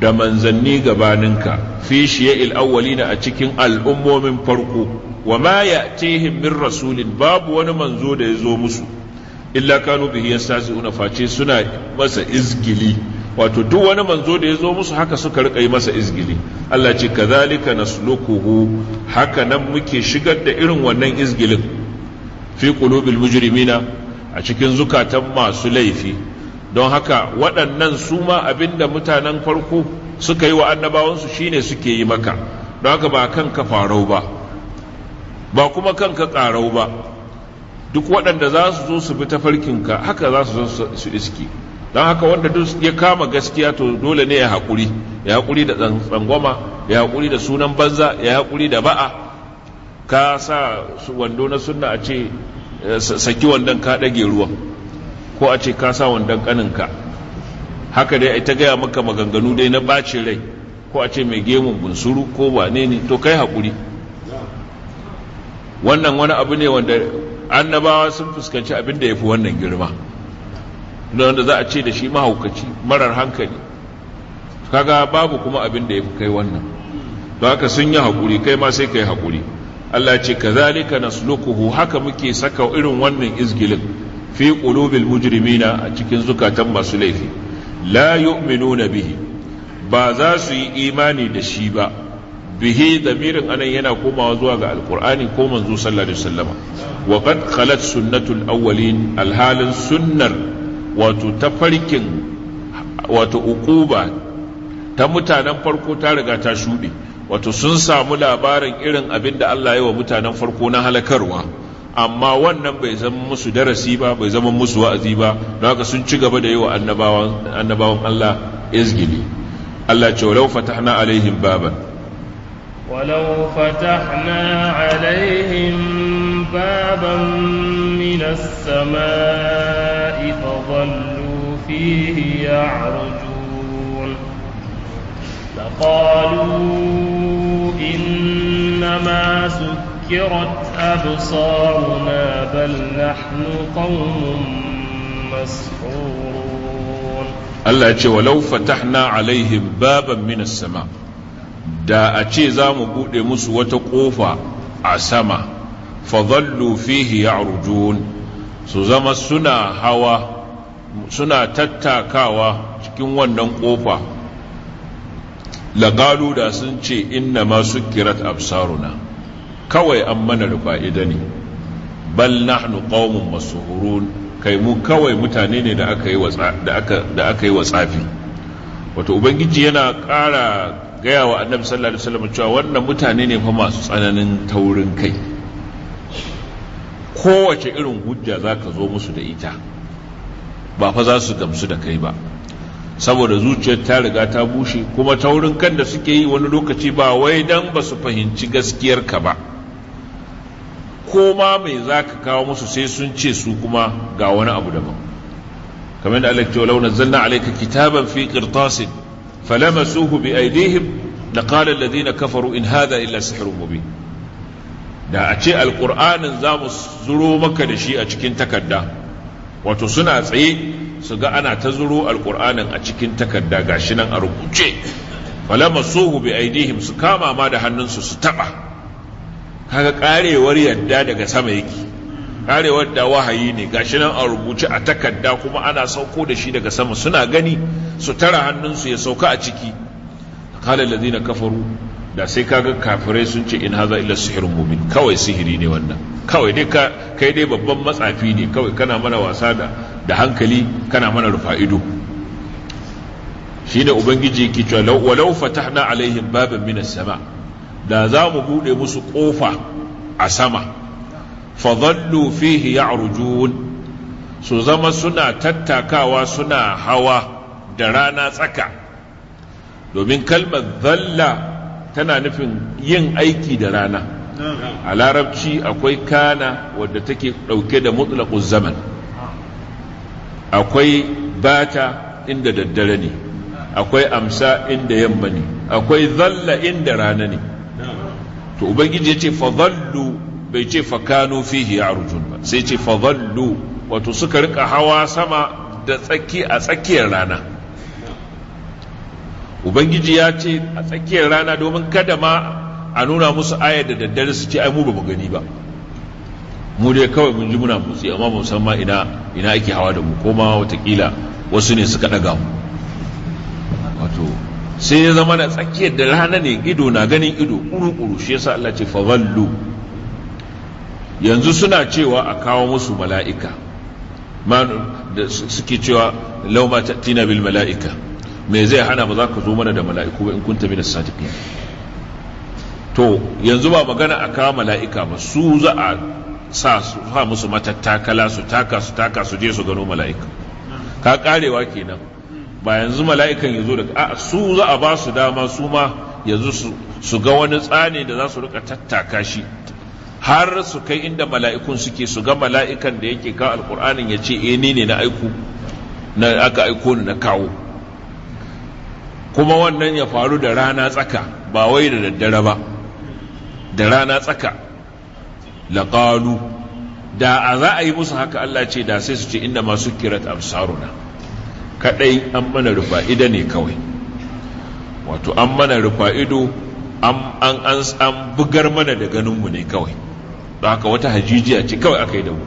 da manzanni gabaninka fi shi'il awwalin a cikin al'ummomin farko wa ma ya'tihim min rasulin babu wani manzo da ya zo musu illa kanu bihi una face suna masa izgili wato duk wani manzo da ya zo musu haka suka rika yi masa izgili Allah ce kazalika nasluquhu haka nan muke shigar da irin wannan izgilin fi qulubil mujrimina a cikin zukatan masu laifi don haka waɗannan su ma abinda mutanen farko suka yi wa annabawansu shine suke yi maka don haka ba kan ka farau ba ba kuma kan ka ƙarau ba duk waɗanda za su zo su bi ta farkinka haka za su zo su iski don haka wanda duk ya kama gaskiya to dole ne ya haƙuri ya haƙuri da tsangwama ya haƙuri da sunan banza ya haƙuri da ba'a ka sa wando na sunna a ce eh, saki wandon ka ɗage ruwan ko a ce ka sa wandon ƙaninka haka dai ta gaya maka maganganu dai na ɓacin rai ko a ce mai gemun bunsuru ko ba ne to kai haƙuri wannan wani abu ne wanda annabawa sun fuskanci abin da ya fi wannan girma na wanda za a ce da shi mahaukaci marar hankali kaga babu kuma abin da ya fi kai wannan don haka sun yi haƙuri kai ma sai ka yi haƙuri Allah ce ka zalika nasluquhu haka muke saka irin wannan izgilin fi qulubil mujrimina a cikin zukatan masu laifi la yu'minuna bihi ba za su yi imani da shi ba bihi damirin anan yana komawa zuwa ga alqur'ani ko manzo sallallahu alaihi wasallama wa qad khalat sunnatul awwalin alhalin sunnar wato farkin wato ukuba ta mutanen farko ta riga ta shuɗe wato sun samu labarin irin abin da Allah ya wa mutanen farko na halakarwa amma wannan bai zama musu darasi ba bai zama musu wa'azi ba don haka sun ci gaba da yi wa annabawan Allah izgili Allah ce walau fatahna alaihim baban
walau fatahna alaihim بابا من السماء فظلوا فيه يعرجون فقالوا إنما سكرت أبصارنا بل نحن قوم مسحورون
الله يقول ولو فتحنا عليهم بابا من السماء da a ce za mu buɗe musu wata ƙofa a sama fadallu fihi ya'rujun su zama suna hawa suna tattakawa cikin wannan kofa lagalu da sun ce inna ma kirat absaruna kawai an mana rufa ne bal nahnu qaumun masuhurun kai mu kawai mutane ne da aka yi wa tsafi. yi wato ubangiji yana ƙara gaya wa annabi sallallahu alaihi wasallam cewa wannan mutane ne fa masu tsananin taurin kai kowace irin hujja za ka zo musu da ita ba fa za su gamsu da kai ba saboda zuciyar ta riga ta bushe kuma taurin kan da suke yi wani lokaci ba wai dan ba su fahimci gaskiyar ka ba ko ma mai za ka kawo musu sai sun ce su kuma ga wani abu daban kamar da Allah ya ce walau alaika alayka kitaban fi qirtasin falamasuhu bi aydihim laqala alladhina kafaru in hada illa sihrun mubin da a ce alƙur'anin za mu zuro maka da shi a cikin takarda wato suna tsaye su ga ana ta zuro alƙur'anin a cikin takarda ga shi nan a rubuce falama suhu bi aidihim su kama ma da hannunsu su taɓa kaga ƙarewar yadda daga sama yake ƙarewar da wahayi ne Ga shi nan a rubuce a takarda kuma ana sauko da shi daga sama suna gani su tara hannunsu ya sauka a ciki kala الذين kafaru da sai kaga kafirai sun ce in haza illa mu mubin kawai sihiri ne wannan kawai dai ka kai dai babban matsafi ne kawai kana mana wasa da da hankali kana mana rufa ido shine ubangiji yake cewa law walau fatahna alaihim baban min sama da za mu bude musu kofa a sama fa dhallu fihi ya'rujun su zama suna tattakawa suna hawa da rana tsaka domin kalmar zalla. tana nufin yin aiki da rana a larabci akwai kana wadda take ɗauke da mutlaƙun zaman akwai bata inda daddare ne akwai amsa inda yamma ne akwai zalla inda rana ne to ubangiji ya ce fadallu bai ce Kano fihi arjun ba sai ce fadallu wato suka rika hawa sama da tsaki a tsakiyar rana ubangiji ya ce a tsakiyar rana domin kada ma a nuna musu ayar da daddare su ce ai mu ba mu gani ba mu dai kawai mun ji muna motsi amma ba san ma ina ina ake hawa da mu ko ma watakila wasu ne suka daga mu wato sai ya zama da tsakiyar da rana ne ido na ganin ido kuru-kuru shi yasa Allah ce fadhallu yanzu suna cewa a kawo musu mala'ika ma suke cewa lauma tina bil mala'ika me zai hana ba za ka zo mana da mala'iku ba in kunta minas sadiqin to yanzu ba magana a kawo mala'ika ba su za a sa su fa musu matattakala su taka su taka su je su gano mala'ika ka karewa kenan ba yanzu mala'ikan ya zo daga a su za a ba su dama su ma yanzu su su ga wani tsane da za su rika tattaka shi har su kai inda mala'ikun suke su ga mala'ikan da yake kawo alkur'anin ya ce eh ni ne na aiko na aka aiko ni na kawo kuma wannan ya faru da rana tsaka ba wai da daddare ba da rana tsaka laƙalu da a za a yi musu haka Allah ce da sai su ce inda masu kirat absaruna kadai an mana rufa ido ne kawai wato an mana rufa ido an bugar mana da ganinmu ne kawai da haka wata hajijiya ce kawai aka da mu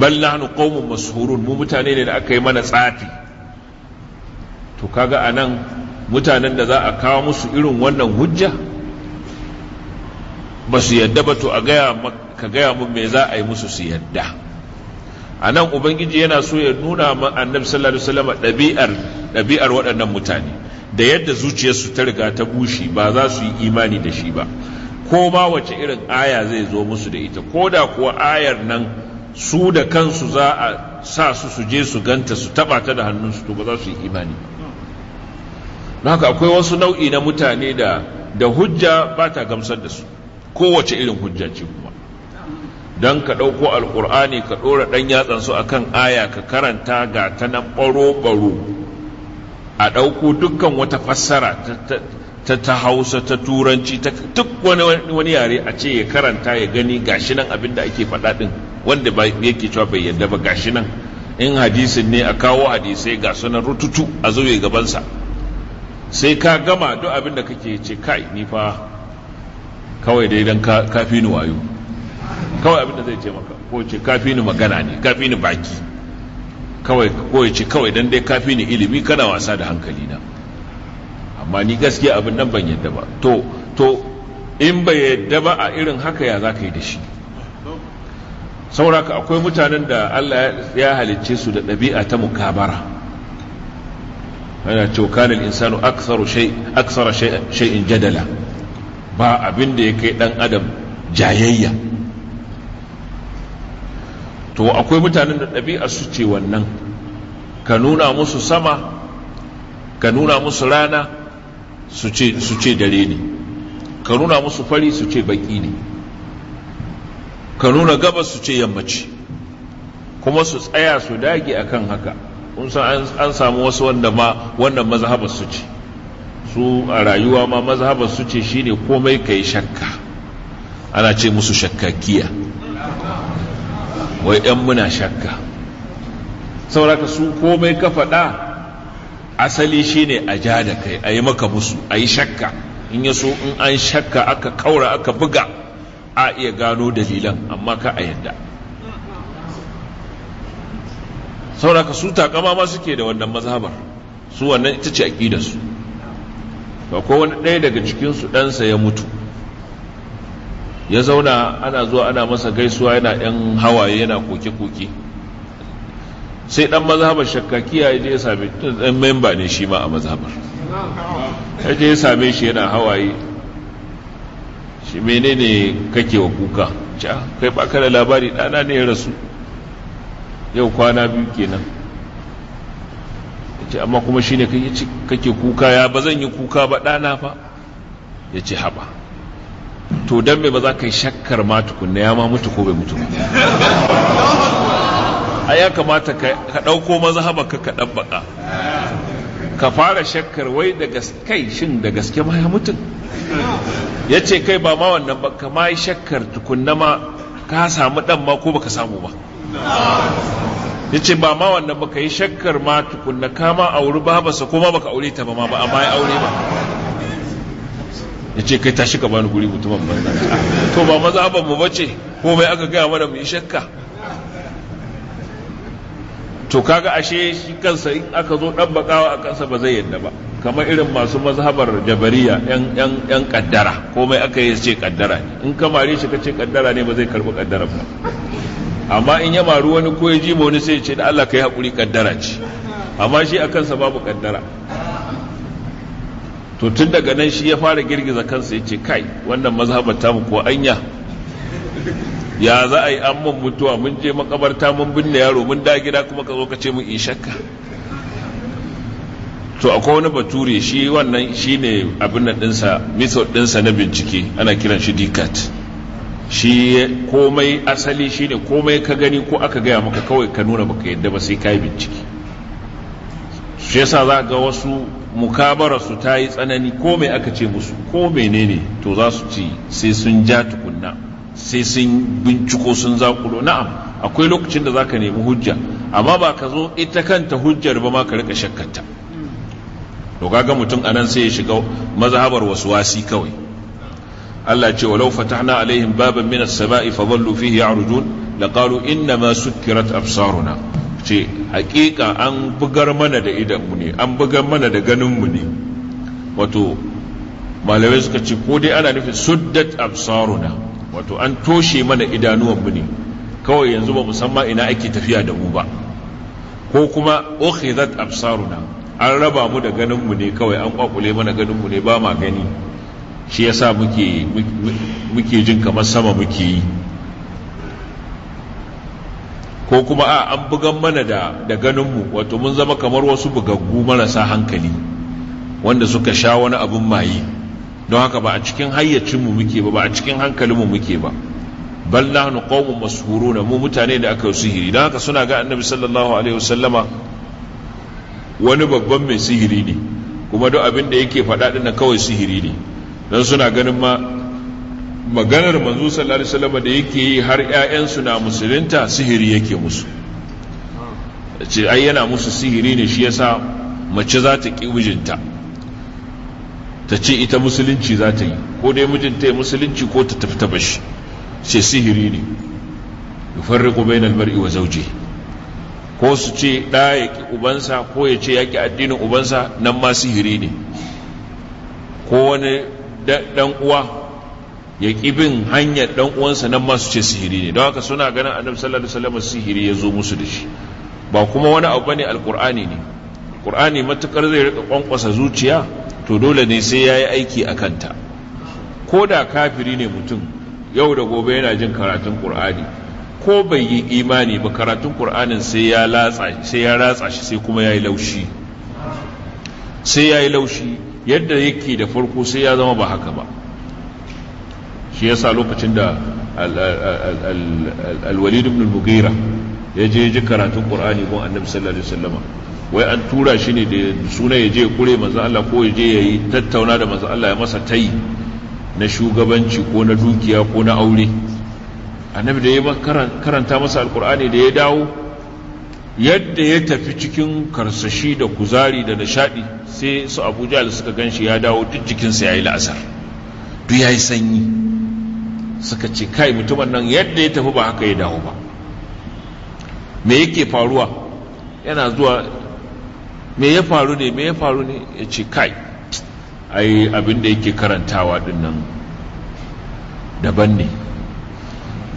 bal nahnu qaumun mashhurun mu mutane ne da aka yi mana tsafi to kaga a nan mutanen da za a kawo musu irin wannan hujja ba su yadda ba to ka gaya mun mai za a yi musu su yadda a nan ubangiji yana so ya nuna ma annabi sallallahu alaihi ɗabi'ar waɗannan mutane da yadda zuciyarsu ta riga ta bushe ba za su yi imani da shi ba ko ma wace irin aya zai zo musu da ita ko da kuwa ayar nan su da kansu za a sa su su je su ganta su taɓa ta da hannunsu to ba za su yi imani ba Na haka akwai wasu nau'i na mutane da da hujja ba ta gamsar da su kowace irin hujja ce kuma don ka ɗauko Alkur'ani ka ɗora ɗan yatsansu a kan aya ka karanta ga ta nan ɓaro-ɓaro a ɗauko dukkan wata fassara ta ta hausa ta turanci ta duk wani yare a ce ya karanta ya gani gashinan nan abin da ake faɗa ɗin wanda yake cewa bai yadda ba gashi nan in hadisin ne a kawo hadisai ga sunan rututu a zo gabansa sai ka gama duk abin da kake ce kai ni fa kawai dai dan ka ni wayo kawai abin da zai ce maka ko ce kafi ni magana ne kafi ni baki kawai ko ce kawai dan dai kafi ni ilimi kana wasa da hankali na amma ni gaskiya abin nan ban yadda ba to to in bai yadda ba a irin haka ya za ka yi da shi sauraka akwai mutanen da Allah ya halicce su da ɗabi'a ta mukabara Ana cewa kana al-insanu aktharu shay akthara shay'in jadala ba abin da ya kai dan adam jayayya to akwai mutanen da ɗabi'a su ce wannan ka nuna musu sama ka nuna musu rana su ce dare ne ka nuna musu fari su ce baki ne ka nuna gabas su ce yammaci kuma su tsaya su dage akan haka kun san an samu wasu wanda ma wannan mazhabar su ce su a rayuwa ma mazhabar su ce shine komai kai shakka ana ce musu shakkakiya wai ɗan muna shakka sauraka su komai ka faɗa asali shine a ja da kai a yi maka musu a yi shakka in ya so in an shakka aka kaura aka buga a iya gano dalilan amma ka a yadda saboda su takama ma suke da wannan mazhabar su wannan ita ce aqidar su ba ko wani ɗaya daga cikin su ɗansa ya mutu ya zauna ana zuwa ana masa gaisuwa yana ɗan hawaye yana koke-koke sai ɗan mazhabar shakkakiya ya je ya same ɗan memba ne shi ma a mazhabar ya je ya same shi yana hawaye shi menene kake wa kuka ah, kai ba ka da labari ɗana ne ya rasu yau kwana biyu kenan yace amma kuma shine kake kuka ya ba zan yi kuka ba dana fa yace haba to dan me ba za ka yi shakkar ma tukunna ya ma mutu ko bai mutu a ya kamata ka ɗauko haba ka ka ɗabbaƙa ka fara shakkar wai da gaske shin da gaske ma ya mutu Yace kai ba ma wannan ba ka ma yi shakkar tukunna ma ka samu ɗan ma ko baka samu ba ya ce ba ma wannan ba ka yi shakkar ma tukunna kama auri babarsa ko ma baka aure ta ba ma ba amma ya aure ba ya ce kai tashi ka bani guri mutumin banza to ba maza ba mu bace ko mai aka gaya mana mu yi shakka to kaga ashe shi kansa in aka zo dan bakawa a kansa ba zai yadda ba kamar irin masu mazhabar jabariya yan yan yan kaddara komai aka yi ce kaddara in ka mare shi ka ce kaddara ne ba zai karbi kaddara ba amma in ya maru wani ko ya ji ma wani sai ya ce da Allah kai hakuri kaddara ce amma shi a kansa babu kaddara to tun daga nan shi ya fara girgiza kansa ya ce kai wannan mazhabar mu ko anya ya za a yi an mun mutuwa mun je makabarta mun binne yaro mun da gida kuma ka zo ka ce mun in shakka to akwai wani bature shi wannan shine abin nan dinsa method dinsa na bincike ana kiran shi dikat shi komai asali shine komai ka gani ko aka gaya maka kawai ka nuna baka yadda ba sai ka yi bincike ya yasa za ga wasu mukabara su ta yi tsanani komai aka ce musu ko menene to za su ci sai sun ja tukunna sai sun binciko sun zakulo na'am akwai lokacin da za ka nemi hujja amma ba ka zo ita kanta hujjar ba ma ka rika shakkata to kaga mutum anan sai ya shiga mazhabar wasu wasi kawai Allah ce walau fatahna alaihim baban min as-sama'i fa dhallu fihi ya'rujun laqalu inna ma sukkirat absaruna ce hakika an bugar mana da idan mu ne an bugar mana da ganin mu ne wato malamai suka ce ko dai ana nufin suddat absaruna wato an toshe mana idanuwan mu ne kawai yanzu ba musamman ina ake tafiya da mu ba ko kuma ukhidat absaruna an raba mu da ganin mu ne kawai an kwakule mana ganin mu ne ba ma gani shi ya sa muke jin kamar sama muke yi ko kuma a an bugan mana da da ganinmu wato mun zama kamar wasu bugaggu marasa hankali wanda suka sha wani abin maye don haka ba a cikin hayyacinmu muke ba ba a cikin hankalinmu muke ba bal nahnu qaumun mas'uruna mu mutane da aka yi sihiri don haka suna ga annabi sallallahu alaihi wasallama wani babban mai sihiri ne kuma duk abin da yake faɗa ɗin kawai sihiri ne don suna ganin ma maganar manzo sallallahu alaihi wasallam da yake yi har ƴaƴansu na musulunta sihiri yake musu ce ai yana musu sihiri ne shi yasa mace za ta ƙi mijinta ta ce ita musulunci za ta yi ko dai mijinta ya musulunci ko ta tafi ta bashi ce sihiri ne yufarriqu bainal mar'i wa zawji ko su ce da ya ƙi ubansa ko ya ce ya ƙi addinin ubansa nan ma sihiri ne ko wani dan uwa ya ƙi bin hanyar dan uwansa nan masu ce sihiri ne don haka suna ganin annabi sallallahu alaihi wasallam sihiri ya zo musu da shi ba kuma wani abu bane alqur'ani ne qur'ani matukar zai rika kwankwasa zuciya to dole ne sai yayi aiki a kanta ko da kafiri ne mutum yau da gobe yana jin karatun qur'ani ko bai yi imani ba karatun qur'anin sai ya latsa sai ya ratsa shi sai kuma yayi laushi sai yayi laushi yadda yake da farko sai ya zama ba haka ba shi yasa lokacin da alwalid ibn al-mughira ya je ji karatun qur'ani ko annabi sallallahu alaihi wasallam wai an tura shi ne da suna ya je kure manzo Allah ko ya je yayi tattauna da manzo Allah ya masa tayi na shugabanci ko na dukiya ko na aure annabi da ya karanta masa alqur'ani da ya dawo yadda ya tafi cikin karsashi da kuzari da nishadi sai su abu jahal suka shi ya dawo duk jikinsa ya yi la'asar duk ya yi sanyi suka ce kai mutumin nan yadda ya tafi ba haka ya dawo ba me yake faruwa yana zuwa me ya faru ne me ya faru ne ya ce kai ai abin da yake karantawa din nan daban ne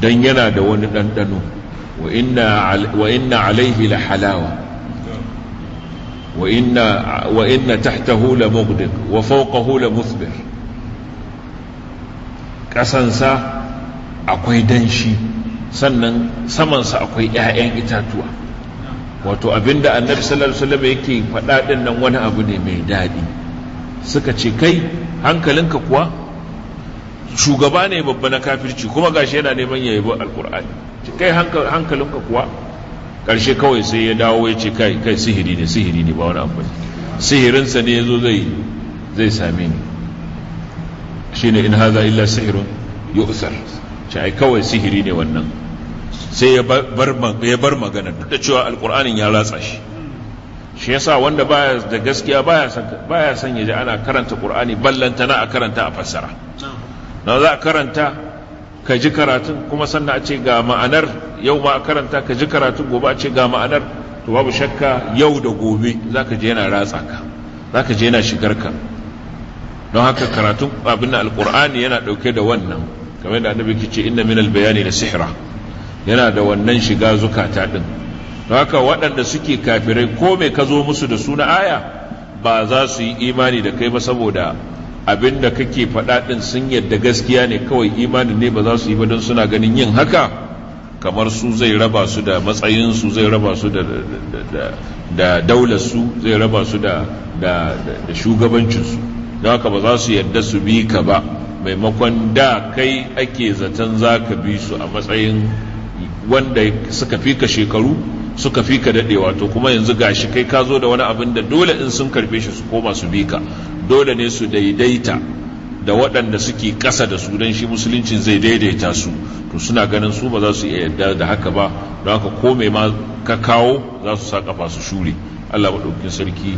don yana da wani ɗanɗano وإن عليه لحلاوة وإن, وإن تحته لمغدق وفوقه لمثبر ƙasansa akwai danshi sannan samansa akwai 'ya'yan itatuwa wato abinda annabi sallallahu alaihi wasallam yake faɗa ɗin nan wani abu ne mai daɗi suka ce kai hankalinka kuwa shugaba ne babba na kafirci kuma gashi yana neman ya yabo alkur'ani ci kai hankalinka kuwa ƙarshe kawai sai ya dawo ya ce kai kai sihiri ne sihiri ne ba wani abu sihirinsa ne ya zo zai zai same ni ne in haza illa sihirin? yu'sar ci ai kawai sihiri ne wannan sai ya bar magana duk da cewa alkur'anin ya ratsa shi shi yasa wanda baya da gaskiya baya son ya ji ana karanta ƙur'ani qur'ani ballantana a karanta a fassara na za a karanta ka ji karatun kuma sannan a ce ga ma'anar yau ma karanta ka ji karatun gobe a ce ga ma'anar to babu shakka yau da gobe za ka je yana ratsa ka za ka je yana shigar ka don haka karatun abin alkur'ani yana ɗauke da wannan kamar da annabi ke ce inna minal bayani da sihra yana da wannan shiga zukata din don haka waɗanda suke kafirai ko mai ka zo musu da suna aya ba za su yi imani da kai ba saboda abin da kake faɗa ɗin sun yadda gaskiya ne kawai imanin ne ba za su yi ba don suna ganin yin haka kamar su zai raba su da matsayinsu zai raba su da da daularsu zai raba su da da shugabancinsu don haka ba za su yadda su bi ka ba maimakon da kai ake zaton za ka bi su a matsayin wanda suka fika shekaru suka fi ka daɗewa to kuma yanzu gashi kai ka zo da wani abin da dole in sun karfe shi su koma su bi ka dole ne su daidaita da waɗanda suke ƙasa da su don shi musuluncin zai daidaita su to suna ganin su ba za su iya yarda da haka ba don haka ko mai ma ka kawo za su sa kafa su shure Allah maɗaukin sarki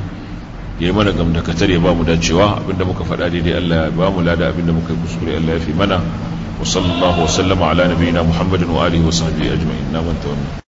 ya yi mana gamdakatar ya ba mu dacewa abinda muka faɗa daidai Allah ya ba mu lada abinda muka yi kuskure Allah ya fi mana wa sallallahu wa sallama ala nabiyina Muhammadin wa alihi wa sahbihi ajma'in na manta wannan